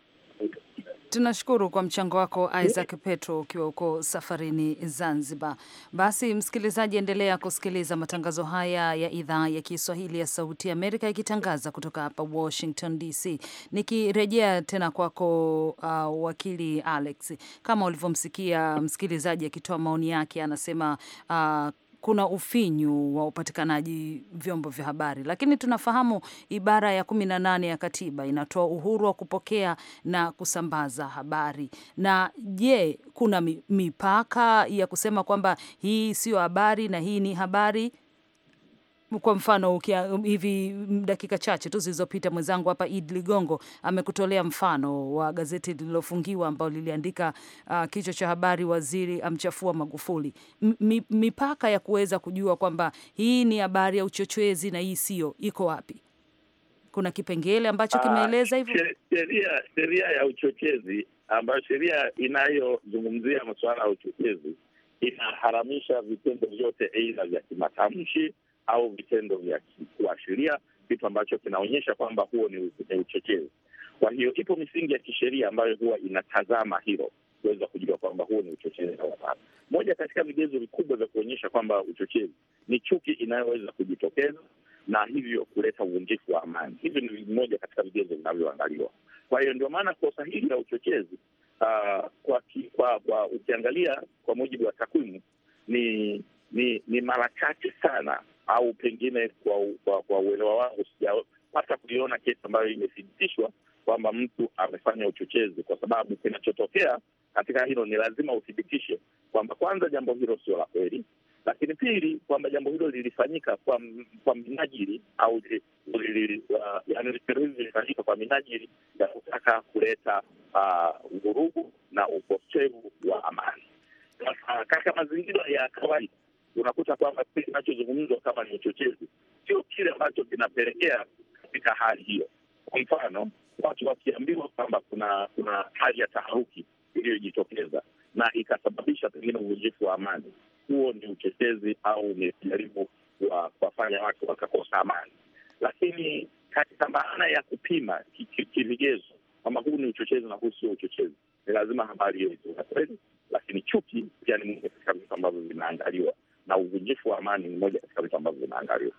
Tunashukuru kwa mchango wako Isaac Petro, ukiwa huko safarini Zanzibar. Basi msikilizaji, endelea kusikiliza matangazo haya ya idhaa ya Kiswahili ya Sauti ya Amerika ikitangaza kutoka hapa Washington DC. Nikirejea tena kwako, uh, wakili Alex, kama ulivyomsikia msikilizaji akitoa maoni yake, anasema uh, kuna ufinyu wa upatikanaji vyombo vya habari, lakini tunafahamu ibara ya kumi na nane ya katiba inatoa uhuru wa kupokea na kusambaza habari. Na je, kuna mipaka ya kusema kwamba hii siyo habari na hii ni habari? kwa mfano ukia, um, hivi um, dakika chache tu zilizopita mwenzangu hapa Id Ligongo amekutolea mfano wa gazeti lililofungiwa ambao liliandika uh, kichwa cha habari waziri amchafua Magufuli. M mipaka ya kuweza kujua kwamba hii ni habari ya uchochezi na hii sio iko wapi? Kuna kipengele ambacho ah, kimeeleza hivyo, sheria sheria ya uchochezi ambayo sheria inayozungumzia masuala ya uchochezi inaharamisha vitendo vyote, aidha vya kimatamshi au vitendo vya kuashiria kitu ambacho kinaonyesha kwamba huo ni uchochezi. Kwa hiyo ipo misingi ya kisheria ambayo huwa inatazama hilo kuweza kujua kwamba huo ni uchochezi au hapana. Moja katika vigezo vikubwa vya kuonyesha kwamba uchochezi ni chuki inayoweza kujitokeza na hivyo kuleta uvunjifu wa amani. Hivyo ni moja katika vigezo vinavyoangaliwa. Kwa hiyo ndio maana kosa hili la uchochezi uh, kwa, kwa, kwa ukiangalia kwa mujibu wa takwimu ni ni, ni mara chache sana au pengine kwa kwa, kwa uelewa wangu sijapata kuliona kesi ambayo imethibitishwa kwamba mtu amefanya uchochezi, kwa sababu kinachotokea katika hilo ni lazima uthibitishe kwamba kwanza jambo hilo sio la kweli, lakini pili kwamba jambo hilo lilifanyika kwa kwa minajili au eh, lilifanyika uh, kwa minajili ya kutaka kuleta uh, vurugu uh, na upotevu wa amani. Sasa katika mazingira ya kawaida unakuta kwamba kile kinachozungumzwa kama ni uchochezi sio kile ambacho kinapelekea katika hali hiyo. Kwa mfano, watu wakiambiwa kwamba kuna kuna hali ya taharuki iliyojitokeza na ikasababisha pengine uvunjifu wa amani, huo ni uchochezi au ni jaribu wa kuwafanya watu wakakosa amani. Lakini katika maana ya kupima kivigezo kwamba huu ni uchochezi na huu sio uchochezi, ni lazima habari hiyo iwe kweli, lakini chuki pia ni moja katika vitu ambavyo vinaangaliwa na uvunjifu wa amani ni moja katika vitu ambavyo vinaangaliwa.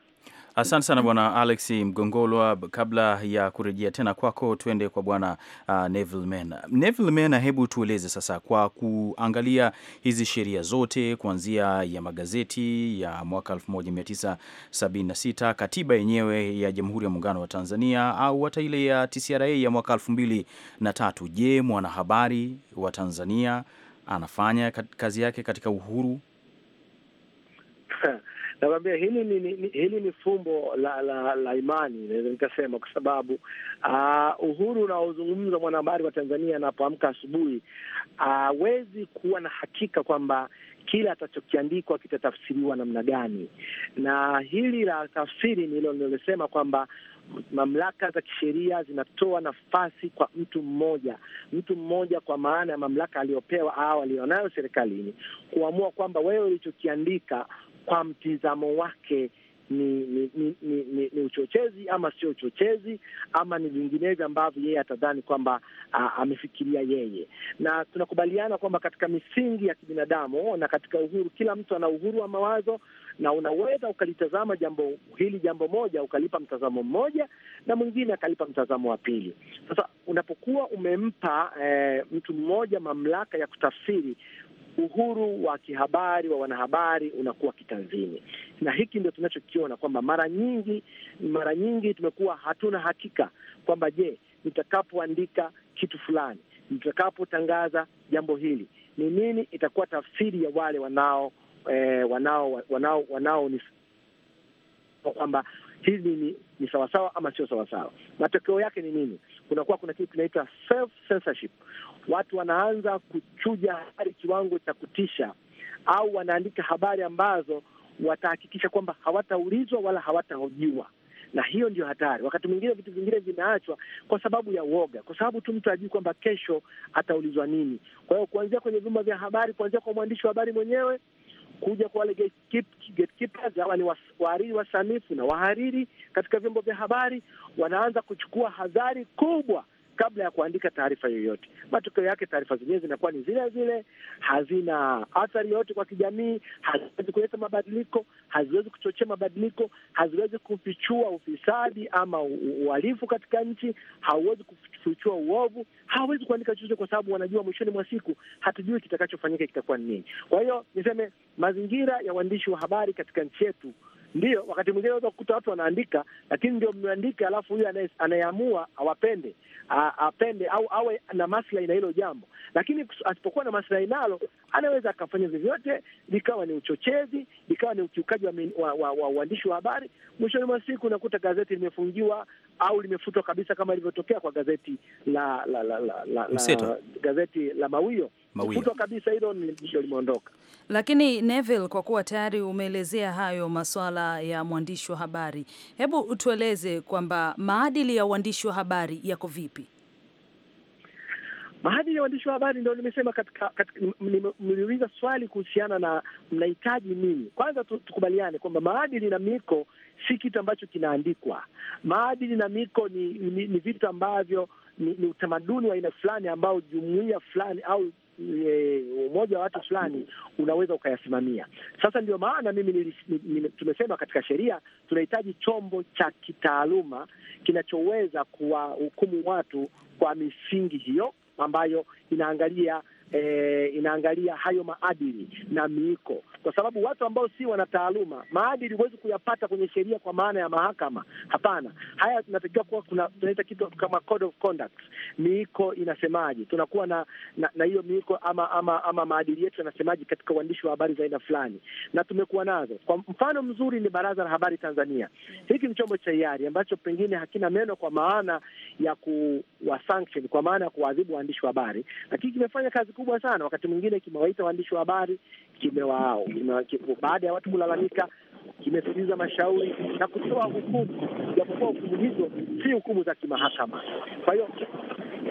Asante sana Bwana Alex Mgongolwa. Kabla ya kurejea tena kwako, tuende kwa Bwana uh, Neville Mena. Neville Mena, hebu tueleze sasa, kwa kuangalia hizi sheria zote kuanzia ya magazeti ya mwaka 1976, katiba yenyewe ya Jamhuri ya Muungano wa Tanzania au hata ile ya TCRA ya mwaka 23 je, mwanahabari wa Tanzania anafanya kazi yake katika uhuru <laughs> nakwambia hili ni, ni, hili ni fumbo la la, la imani naweza nikasema, kwa sababu uh, uhuru unaozungumza mwanahabari wa Tanzania anapoamka asubuhi hawezi uh, kuwa na hakika kwamba kile atachokiandikwa kitatafsiriwa namna gani, na hili la tafsiri ndilo linalosema kwamba mamlaka za kisheria zinatoa nafasi kwa mtu mmoja, mtu mmoja kwa maana ya mamlaka aliyopewa au aliyonayo serikalini, kuamua kwamba wewe ulichokiandika kwa mtizamo wake ni ni, ni, ni, ni ni uchochezi ama sio uchochezi ama ni vinginevyo ambavyo yeye atadhani kwamba amefikiria yeye. Na tunakubaliana kwamba katika misingi ya kibinadamu na katika uhuru, kila mtu ana uhuru wa mawazo, na unaweza ukalitazama jambo hili jambo moja ukalipa mtazamo mmoja na mwingine akalipa mtazamo wa pili. Sasa unapokuwa umempa eh, mtu mmoja mamlaka ya kutafsiri uhuru wa kihabari wa wanahabari unakuwa kitanzini, na hiki ndio tunachokiona kwamba mara nyingi, mara nyingi tumekuwa hatuna hakika kwamba je, nitakapoandika kitu fulani, nitakapotangaza jambo hili, ni nini itakuwa tafsiri ya wale wanao eh, wanao wanao wanao kwamba hili ni, ni sawasawa ama sio sawasawa, matokeo yake ni nini? kunakuwa kuna kitu kinaitwa self censorship. Watu wanaanza kuchuja habari kiwango cha kutisha, au wanaandika habari ambazo watahakikisha kwamba hawataulizwa wala hawatahojiwa na hiyo ndio hatari. Wakati mwingine vitu vingine vinaachwa kwa sababu ya uoga, kwa sababu tu mtu ajui kwamba kesho ataulizwa nini. Kwa hiyo kuanzia kwenye vyombo vya habari, kuanzia kwa mwandishi wa habari mwenyewe, kuja kwa wale gatekeepers hawa ni wahariri wasanifu na wahariri katika vyombo vya habari, wanaanza kuchukua hadhari kubwa kabla ya kuandika taarifa yoyote. Matokeo yake taarifa zenyewe zinakuwa ni zile zile, hazina athari yoyote kwa kijamii, haziwezi kuleta mabadiliko, haziwezi kuchochea mabadiliko, haziwezi kufichua ufisadi ama uhalifu katika nchi, hauwezi kufichua uovu, hawezi kuandika chochote, kwa sababu wanajua mwishoni mwa siku hatujui kitakachofanyika kitakuwa ni nini. Kwa hiyo niseme mazingira ya waandishi wa habari katika nchi yetu ndio, wakati mwingine unaweza kukuta watu wanaandika, lakini ndio mmeandika, alafu huyu anayeamua awapende apende au awe na maslahi na hilo jambo, lakini asipokuwa na maslahi nalo anaweza akafanya vyovyote, likawa ni uchochezi, likawa ni ukiukaji wa uandishi wa habari. Mwishoni mwa siku unakuta gazeti limefungiwa au limefutwa kabisa, kama ilivyotokea kwa gazeti la la la la, la, la gazeti la Mawio mawili kutwa kabisa, hilo ndio limeondoka. Lakini Neville, kwa kuwa tayari umeelezea hayo masuala ya mwandishi wa habari, hebu utueleze kwamba maadili ya uandishi wa habari yako vipi? Maadili ya uandishi wa habari ndio nimesema katika, katika swali kuhusiana na mnahitaji nini. Kwanza tukubaliane kwamba maadili na miko si kitu ambacho kinaandikwa. Maadili na miko ni, ni, ni vitu ambavyo ni, ni utamaduni wa aina fulani ambao jumuia fulani au e, umoja wa watu fulani unaweza ukayasimamia. Sasa ndio maana mimi tumesema katika sheria tunahitaji chombo cha kitaaluma kinachoweza kuwahukumu watu kwa misingi hiyo ambayo inaangalia E, inaangalia hayo maadili na miiko kwa sababu watu ambao si wana taaluma maadili huwezi kuyapata kwenye sheria kwa maana ya mahakama. Hapana, haya tunatakiwa kuwa kuna tunaita kitu kama code of conduct, miiko inasemaje, tunakuwa na na hiyo miiko ama ama ama maadili yetu yanasemaje katika uandishi wa habari za aina fulani, na tumekuwa nazo. Kwa mfano mzuri ni Baraza la Habari Tanzania. Hiki ni chombo cha hiari ambacho pengine hakina meno kwa maana ya kuwa sanction, kwa maana ya kuwaadhibu waandishi wa habari, lakini kimefanya kazi kubwa sana. Wakati mwingine kimewaita waandishi wa habari kimewao baada ya watu kulalamika, kimesikiliza mashauri na kutoa hukumu, japokuwa hukumu hizo si hukumu za kimahakama. Kwa hiyo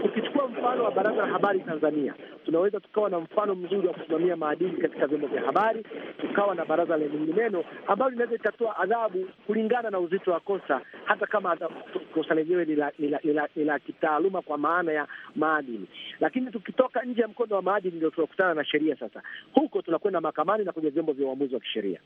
Ukichukua mfano wa Baraza la Habari Tanzania, tunaweza tukawa na mfano mzuri wa kusimamia maadili katika vyombo vya habari, tukawa na baraza lenye neno ambalo linaweza ikatoa adhabu kulingana na uzito wa kosa, hata kama kosa lenyewe ni la kitaaluma kwa maana ya maadili. Lakini tukitoka nje ya mkondo wa maadili, ndio tunakutana na sheria. Sasa huko tunakwenda mahakamani na kwenye vyombo vya uamuzi wa kisheria.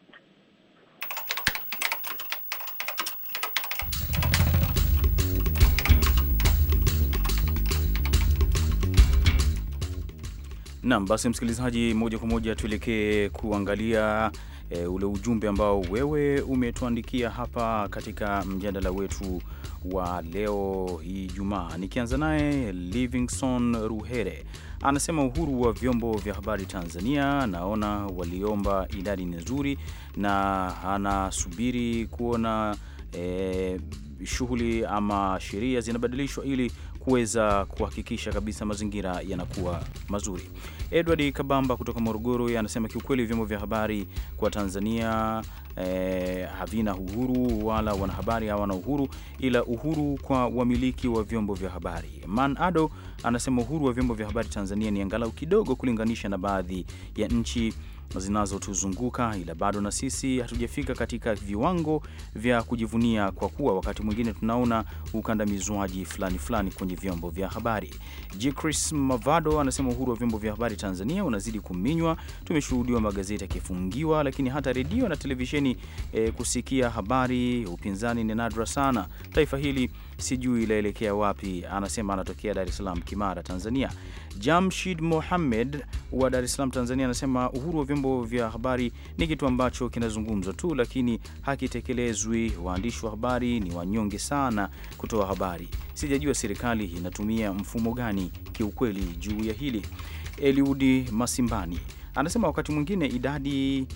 Naam, basi msikilizaji, moja kwa moja tuelekee kuangalia e, ule ujumbe ambao wewe umetuandikia hapa katika mjadala wetu wa leo Ijumaa, nikianza naye Livingstone Ruhere anasema uhuru wa vyombo vya habari Tanzania, naona waliomba idadi ni nzuri, na anasubiri kuona e, shughuli ama sheria zinabadilishwa ili kuweza kuhakikisha kabisa mazingira yanakuwa mazuri. Edward Kabamba kutoka Morogoro anasema kiukweli vyombo vya habari kwa Tanzania eh, havina uhuru wala wanahabari hawana uhuru, ila uhuru kwa wamiliki wa vyombo vya habari. Man Ado anasema uhuru wa vyombo vya habari Tanzania ni angalau kidogo kulinganisha na baadhi ya nchi zinazotuzunguka, ila bado na sisi hatujafika katika viwango vya kujivunia, kwa kuwa wakati mwingine tunaona ukandamizwaji fulani fulani kwenye vyombo vya habari. J. Chris Mavado anasema uhuru wa vyombo vya habari Tanzania unazidi kuminywa. Tumeshuhudiwa magazeti yakifungiwa, lakini hata redio na televisheni e, kusikia habari. Upinzani ni nadra sana. Taifa hili sijui ilaelekea wapi. Anasema anatokea Dar es Salaam, Kimara, Tanzania. Jamshid Mohamed wa Dar es Salaam, Tanzania, anasema uhuru wa vyombo vya habari ni kitu ambacho kinazungumzwa tu, lakini hakitekelezwi. Waandishi wa habari ni wanyonge sana kutoa habari. Sijajua serikali inatumia mfumo gani kiukweli juu ya hili. Eliudi Masimbani Anasema wakati mwingine idadi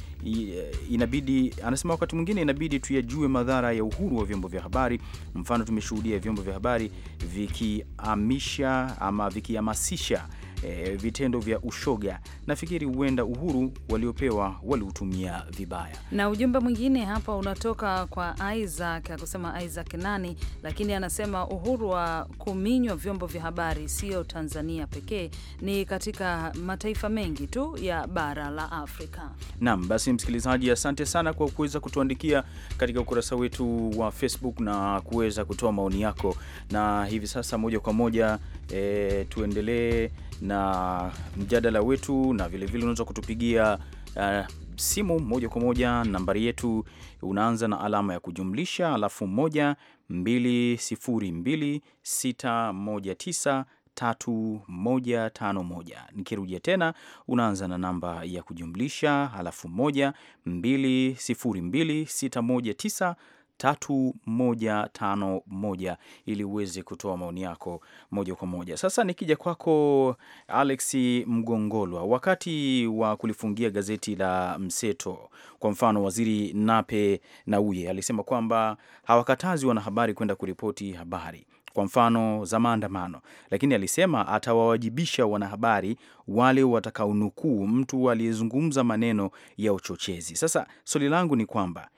inabidi, anasema wakati mwingine inabidi tuyajue madhara ya uhuru wa vyombo vya habari. Mfano, tumeshuhudia vyombo vya habari vikiamisha ama vikihamasisha e, vitendo vya ushoga. Nafikiri huenda uhuru waliopewa waliutumia vibaya. Na ujumbe mwingine hapa unatoka kwa Isaac, akusema Isaac nani, lakini anasema uhuru wa kuminywa vyombo vya habari sio Tanzania pekee, ni katika mataifa mengi tu ya bara la Afrika. Naam, basi msikilizaji, asante sana kwa kuweza kutuandikia katika ukurasa wetu wa Facebook na kuweza kutoa maoni yako, na hivi sasa moja kwa moja e, tuendelee na mjadala wetu, na vilevile unaweza kutupigia uh, simu moja kwa moja. Nambari yetu unaanza na alama ya kujumlisha alafu moja mbili sifuri mbili sita moja tisa tatu moja tano moja. Nikirudia tena, unaanza na namba ya kujumlisha alafu moja mbili sifuri mbili sita moja tisa 3151 ili uweze kutoa maoni yako moja kwa moja. Sasa nikija kwako Alex Mgongolwa, wakati wa kulifungia gazeti la Mseto, kwa mfano, Waziri Nape Nauye alisema kwamba hawakatazi wanahabari kwenda kuripoti habari kwa mfano za maandamano, lakini alisema atawawajibisha wanahabari wale watakaonukuu mtu aliyezungumza maneno ya uchochezi. Sasa swali langu ni kwamba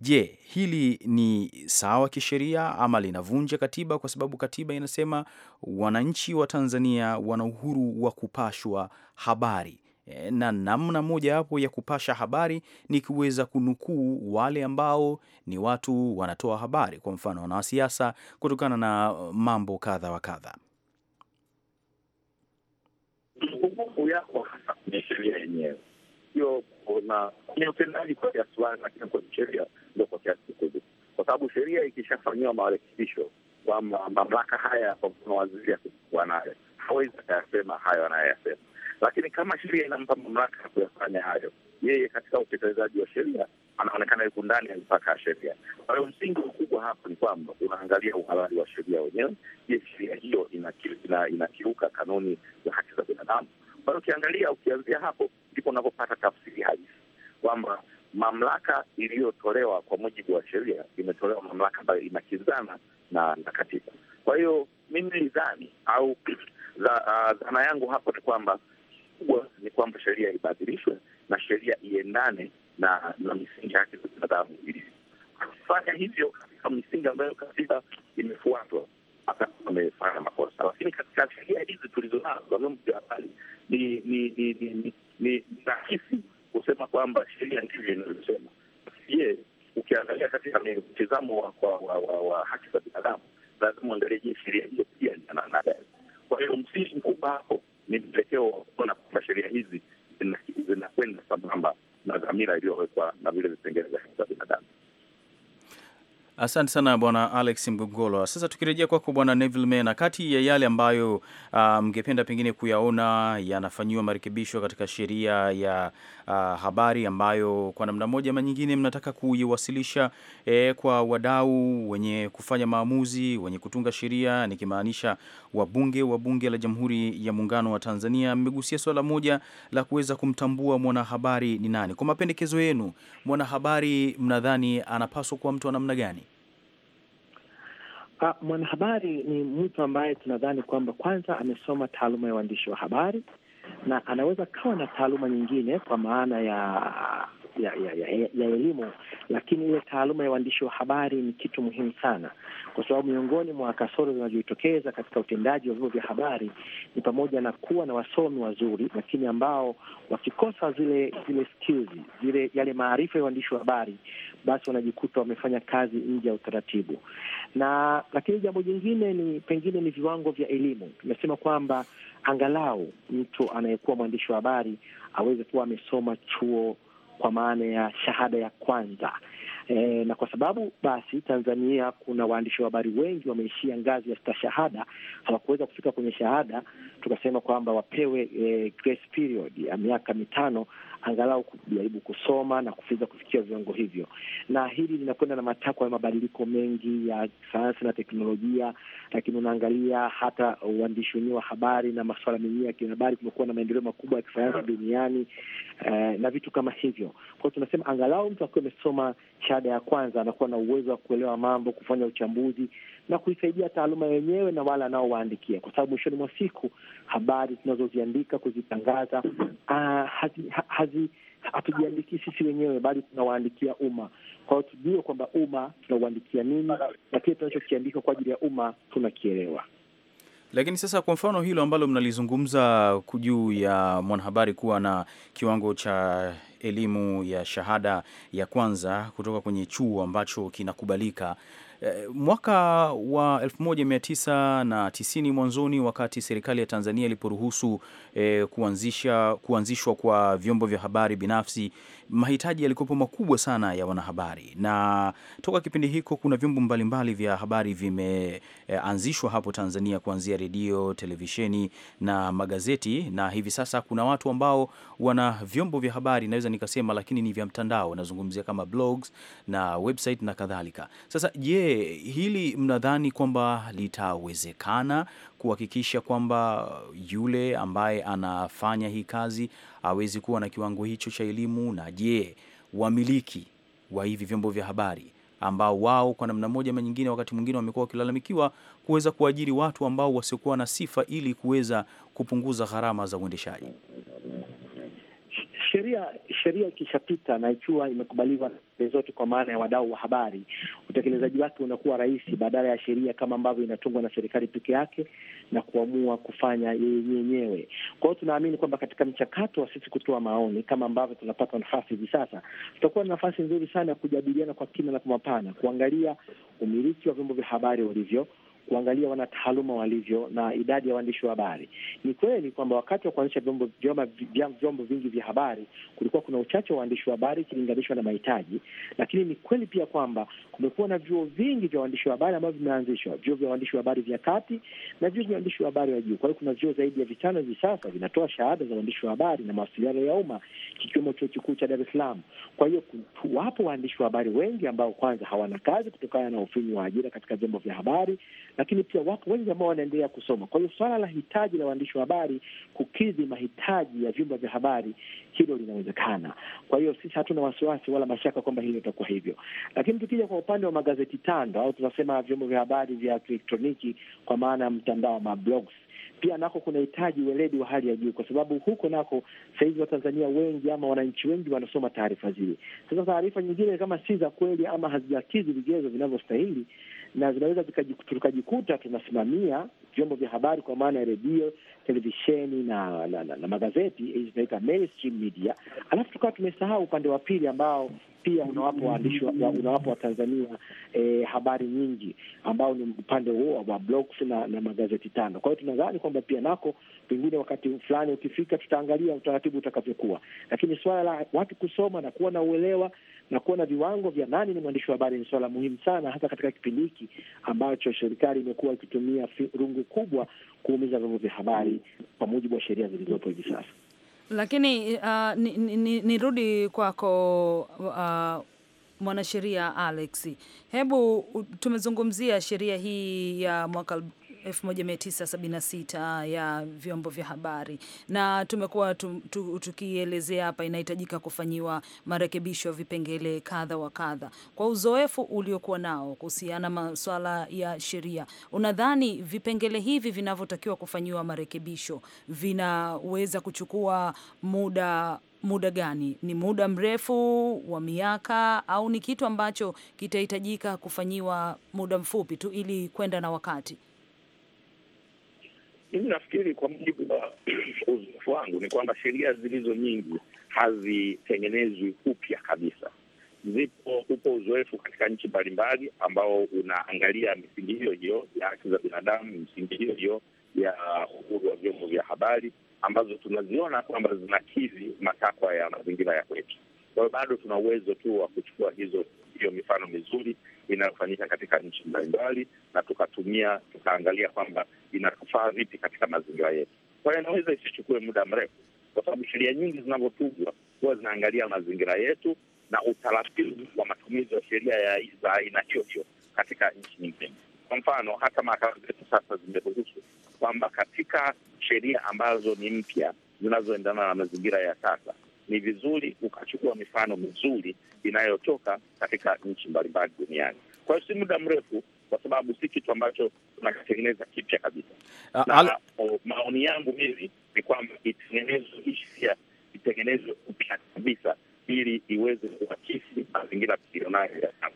Je, hili ni sawa kisheria ama linavunja katiba? Kwa sababu katiba inasema wananchi wa Tanzania wana uhuru wa kupashwa habari e, na namna moja hapo ya kupasha habari ni kuweza kunukuu wale ambao ni watu wanatoa habari, kwa mfano wanasiasa, kutokana na mambo kadha wa kadha. Ukumbuku yako hasa kwenye sheria yenyewe, sio hapo, na utendaji kwa kiasi fulani, lakini kwenye sheria ndo kwa kiasi kikubwa, kwa sababu sheria ikishafanyiwa marekebisho kwamba mamlaka haya, kwa mfano waziri akikuwa nayo hawezi akayasema hayo anayoyasema, lakini kama sheria inampa mamlaka ya kuyafanya hayo, yeye katika utekelezaji wa sheria anaonekana yuko ndani ya mipaka ya sheria. Kwa hiyo msingi mkubwa hapa ni kwamba unaangalia uhalali wa sheria wenyewe. Je, sheria hiyo inakiuka kanuni za haki za binadamu? bado ukiangalia, ukianzia hapo ndipo unapopata tafsiri halisi kwamba mamlaka iliyotolewa kwa mujibu wa sheria imetolewa mamlaka ambayo inakinzana na, na katiba. Kwa hiyo mimi nidhani au <clears throat> uh, dhana uh, yangu hapo ni kwamba kubwa ni kwamba sheria ibadilishwe na sheria iendane na na misingi ya haki za binadamu. Akifanya hivyo katika misingi ambayo katiba imefuatwa wakati wamefanya makosa. Lakini katika sheria hizi tulizonazo za vyombo vya habari ni ni ni ni ni rahisi kusema kwamba sheria ndivyo inavyosema. Je, ukiangalia katika mtizamo wa haki za binadamu lazima uangalie, je, sheria hiyo pia ni anadamu? Kwa hiyo msingi mkubwa hapo ni mwelekeo wa kuona kwamba sheria hizi zinakwenda sambamba na dhamira iliyowekwa na vile vipengele vya haki za binadamu. Asante sana bwana Alex mgogolo Sasa tukirejea kwako bwana Neville Mena, kati ya yale ambayo uh, mngependa um, pengine kuyaona yanafanyiwa marekebisho katika sheria ya uh, habari ambayo kwa namna moja ama nyingine mnataka kuiwasilisha eh, kwa wadau wenye kufanya maamuzi, wenye kutunga sheria, nikimaanisha wabunge wa bunge la Jamhuri ya Muungano wa Tanzania, mmegusia swala moja la kuweza kumtambua mwanahabari ni nani. Kwa mapendekezo yenu, mwanahabari mnadhani anapaswa kuwa mtu wa namna gani? Uh, mwanahabari ni mtu ambaye tunadhani kwamba kwanza amesoma taaluma ya uandishi wa habari na anaweza kawa na taaluma nyingine kwa maana ya ya, ya, ya, ya elimu, lakini ile taaluma ya uandishi wa habari ni kitu muhimu sana, kwa sababu miongoni mwa kasoro zinazojitokeza katika utendaji wa vyombo vya habari ni pamoja na kuwa na wasomi wazuri, lakini ambao wakikosa zile zile skills, zile yale maarifa ya uandishi wa habari, basi wanajikuta wamefanya kazi nje ya utaratibu. Na lakini jambo jingine ni pengine ni viwango vya elimu. Tumesema kwamba angalau mtu anayekuwa mwandishi wa habari aweze kuwa amesoma chuo kwa maana ya shahada ya kwanza. E, na kwa sababu basi Tanzania kuna waandishi wa habari wengi wameishia ngazi ya stashahada, hawakuweza kufika kwenye shahada, tukasema kwamba wapewe e, grace period ya miaka mitano angalau kujaribu kusoma na kufiza kufikia viwango hivyo, na hili linakwenda na matakwa ya mabadiliko mengi ya sayansi na teknolojia. Lakini unaangalia hata uandishi wenyewe wa habari na masuala mengine ya kihabari, kumekuwa na maendeleo makubwa ya kisayansi duniani eh, na vitu kama hivyo. Kwao tunasema angalau mtu akiwa amesoma shahada ya kwanza anakuwa na uwezo wa kuelewa mambo, kufanya uchambuzi na kuisaidia taaluma yenyewe na wale anaowaandikia, kwa sababu mwishoni mwa siku habari tunazoziandika kuzitangaza, uh, ha, hatujiandikii sisi wenyewe bali tunawaandikia umma. Kwa hiyo tujue kwamba umma tunauandikia nini na kile tunachokiandika kwa ajili ya umma tunakielewa. Lakini sasa, kwa mfano hilo ambalo mnalizungumza juu ya mwanahabari kuwa na kiwango cha elimu ya shahada ya kwanza kutoka kwenye chuo ambacho kinakubalika Eh, mwaka wa 1990 mwanzoni, wakati serikali ya Tanzania iliporuhusu eh, kuanzisha kuanzishwa kwa vyombo vya habari binafsi, mahitaji yalikuwa makubwa sana ya wanahabari, na toka kipindi hiko kuna vyombo mbalimbali vya habari vimeanzishwa eh, hapo Tanzania, kuanzia redio, televisheni na magazeti, na hivi sasa kuna watu ambao wana vyombo vya habari, naweza nikasema, lakini ni vya mtandao, nazungumzia kama blogs na website na kadhalika. Sasa je, hili mnadhani kwamba litawezekana kuhakikisha kwamba yule ambaye anafanya hii kazi awezi kuwa na kiwango hicho cha elimu? Na je, wamiliki wa hivi vyombo vya habari ambao wao kwa namna moja ama nyingine, wakati mwingine wamekuwa wakilalamikiwa kuweza kuajiri watu ambao wasiokuwa na sifa ili kuweza kupunguza gharama za uendeshaji sheria sheria ikishapita na ikiwa imekubaliwa pande zote, kwa maana ya wadau wa habari, utekelezaji wake unakuwa rahisi, badala ya sheria kama ambavyo inatungwa na serikali peke yake na kuamua kufanya yenyewe. Kwa hiyo tunaamini kwamba katika mchakato wa sisi kutoa maoni kama ambavyo tunapata nafasi hivi sasa, tutakuwa na nafasi nzuri sana ya kujadiliana kwa kina na kwa mapana, kuangalia umiliki wa vyombo vya habari ulivyo kuangalia wanataaluma walivyo na idadi ya waandishi wa habari. Ni kweli kwamba wakati wa kuanzisha vyombo vyombo vingi vya habari kulikuwa kuna uchache wa waandishi wa habari ikilinganishwa na mahitaji, lakini ni kweli pia kwamba kumekuwa na vyuo vingi vya waandishi wa habari ambavyo vimeanzishwa, vyuo vya waandishi wa habari vya kati na vyuo vya waandishi wa habari wa juu. Kwa hiyo kuna vyuo zaidi ya vitano hivi sasa vinatoa shahada za waandishi wa habari na mawasiliano ya umma, kikiwemo chuo kikuu cha Dar es Salaam. Kwa hiyo wapo waandishi wa habari wengi ambao kwanza hawana kazi kutokana na ufinyu wa ajira katika vyombo vya habari lakini pia wapo wengi ambao wanaendelea kusoma. Kwa hiyo swala la hitaji la waandishi wa habari kukidhi mahitaji ya vyombo vya habari hilo linawezekana. Kwa hiyo sisi hatuna wasiwasi wala mashaka kwamba hilo litakuwa hivyo, lakini tukija kwa upande wa magazeti tando au tunasema vyombo vya habari vya kielektroniki kwa maana ya mtandao wa mablogs pia nako kunahitaji weledi wa hali ya juu, kwa sababu huko nako sahizi Watanzania wengi ama wananchi wengi wanasoma taarifa zile. Sasa taarifa nyingine kama si za kweli ama hazijakizi vigezo vinavyostahili, na zinaweza tukajikuta tunasimamia vyombo vya habari kwa maana ya redio, televisheni na, na, na, na magazeti hizi zinaita mainstream media, alafu tukawa tumesahau upande wa pili ambao pia unawapo waandishi wa, unawapo Watanzania e, eh, habari nyingi ambao ni upande huo wa blogs na, na magazeti tano. Kwa hiyo tunadhani kwamba pia nako pengine wakati fulani ukifika, tutaangalia utaratibu utakavyokuwa, lakini suala la watu kusoma na kuwa na uelewa na kuwa na viwango vya nani ni mwandishi wa habari ni suala muhimu sana, hasa katika kipindi hiki ambacho serikali imekuwa ikitumia rungu kubwa kuumiza vyombo vya habari kwa mujibu wa sheria zilizopo hivi sasa. Lakini uh, nirudi ni, ni kwako uh, mwanasheria Alex, hebu tumezungumzia sheria hii ya mwaka 1976 ya vyombo vya habari, na tumekuwa tukielezea hapa inahitajika kufanyiwa marekebisho ya vipengele kadha wa kadha. Kwa uzoefu uliokuwa nao kuhusiana masuala ya sheria, unadhani vipengele hivi vinavyotakiwa kufanyiwa marekebisho vinaweza kuchukua muda muda gani? Ni muda mrefu wa miaka, au ni kitu ambacho kitahitajika kufanyiwa muda mfupi tu ili kwenda na wakati? Mimi nafikiri kwa mujibu wa <clears throat> uzoefu wangu ni kwamba sheria zilizo nyingi hazitengenezwi upya kabisa. Zipo, upo uzoefu katika nchi mbalimbali ambao unaangalia misingi hiyo hiyo ya haki za binadamu, misingi hiyo hiyo ya uhuru wa vyombo vya habari ambazo tunaziona kwamba zinakizi matakwa ya mazingira ya kwetu. Kwa hiyo bado tuna uwezo tu wa kuchukua hizo hiyo mifano mizuri inayofanyika katika nchi mbalimbali, na tukatumia tukaangalia kwamba inatufaa vipi katika mazingira yetu. Kwa hiyo inaweza isichukue muda mrefu, kwa sababu sheria nyingi zinavyotungwa huwa zinaangalia mazingira yetu na utaratibu wa matumizi ya sheria za aina hiyo hiyo katika nchi nyingine. Kwa mfano, hata mahakama zetu sasa zimeruhusu kwamba katika sheria ambazo ni mpya zinazoendana na mazingira ya sasa ni vizuri ukachukua mifano mizuri inayotoka katika nchi mbalimbali duniani. Kwa hiyo si muda mrefu, kwa sababu si kitu ambacho tunakitengeneza kipya kabisa. Uh, na al... maoni yangu mimi ni kwamba itengenezwe ishia, itengenezwe upya kabisa, ili iweze kuakisi mazingira tulionayo ya sasa.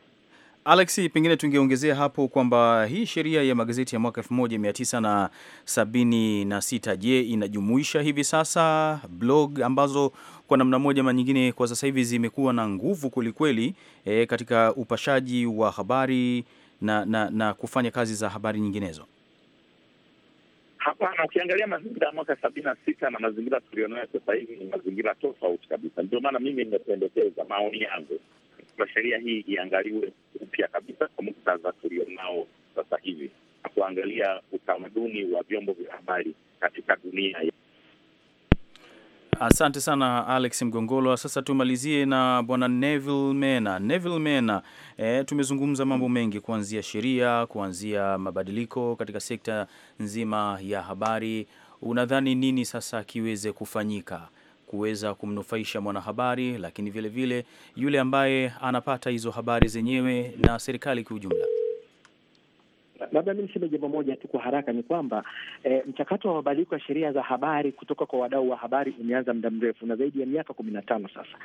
Alex, pengine tungeongezea hapo kwamba hii sheria ya magazeti ya mwaka 1976 je, inajumuisha hivi sasa blog ambazo kwa namna moja ama nyingine kwa sasa hivi zimekuwa na nguvu kwelikweli e, katika upashaji wa habari na, na, na kufanya kazi za habari nyinginezo? Hapana, ukiangalia mazingira ya mwaka sabini na sita na mazingira tulionayo sasa hivi ni mazingira tofauti kabisa. Ndio maana mimi nimependekeza maoni yangu kwa sheria hii iangaliwe upya kabisa kwa muktadha tulionao sasa hivi na kuangalia utamaduni wa vyombo vya habari katika dunia. Asante sana Alex Mgongolwa. Sasa tumalizie na bwana Neville Mena. Neville Mena, e, tumezungumza mambo mengi kuanzia sheria, kuanzia mabadiliko katika sekta nzima ya habari. Unadhani nini sasa kiweze kufanyika kuweza kumnufaisha mwanahabari, lakini vilevile vile yule ambaye anapata hizo habari zenyewe na serikali kiujumla. ujumla labda mi niseme jambo moja tu kwa haraka ni kwamba e, mchakato wa mabadiliko ya sheria za habari kutoka kwa wadau wa habari umeanza muda mrefu na zaidi ya miaka kumi na tano sasa,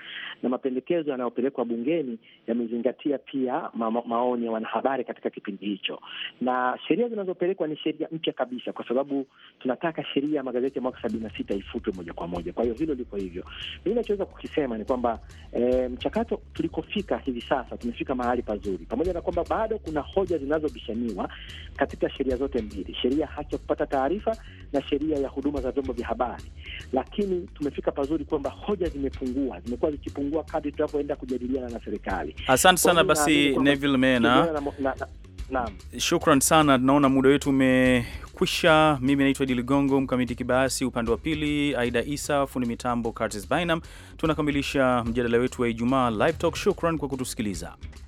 na mapendekezo yanayopelekwa bungeni yamezingatia pia ma maoni ya wanahabari katika kipindi hicho, na sheria zinazopelekwa ni sheria mpya kabisa, kwa sababu tunataka sheria ya magazeti ya mwaka sabini na sita ifutwe moja kwa moja. Kwa hiyo hilo liko hivyo. Mi nachoweza kukisema ni kwamba e, mchakato tulikofika hivi sasa, tumefika mahali pazuri, pamoja na kwamba bado kuna hoja zinazobishaniwa katika sheria zote mbili, sheria ya haki ya kupata taarifa na sheria ya huduma za vyombo vya habari. Lakini tumefika pazuri kwamba hoja zimepungua, zimekuwa zikipungua kadri tunavyoenda kujadiliana na serikali. Asante sana basi, Neville Mena. Naam, shukran sana. Tunaona muda wetu umekwisha. Mimi naitwa Idi Ligongo, Mkamiti Kibayasi upande wa pili, Aida Isa fundi mitambo, Curtis Bynam. Tunakamilisha mjadala wetu wa Ijumaa Live Talk. Shukran kwa kutusikiliza.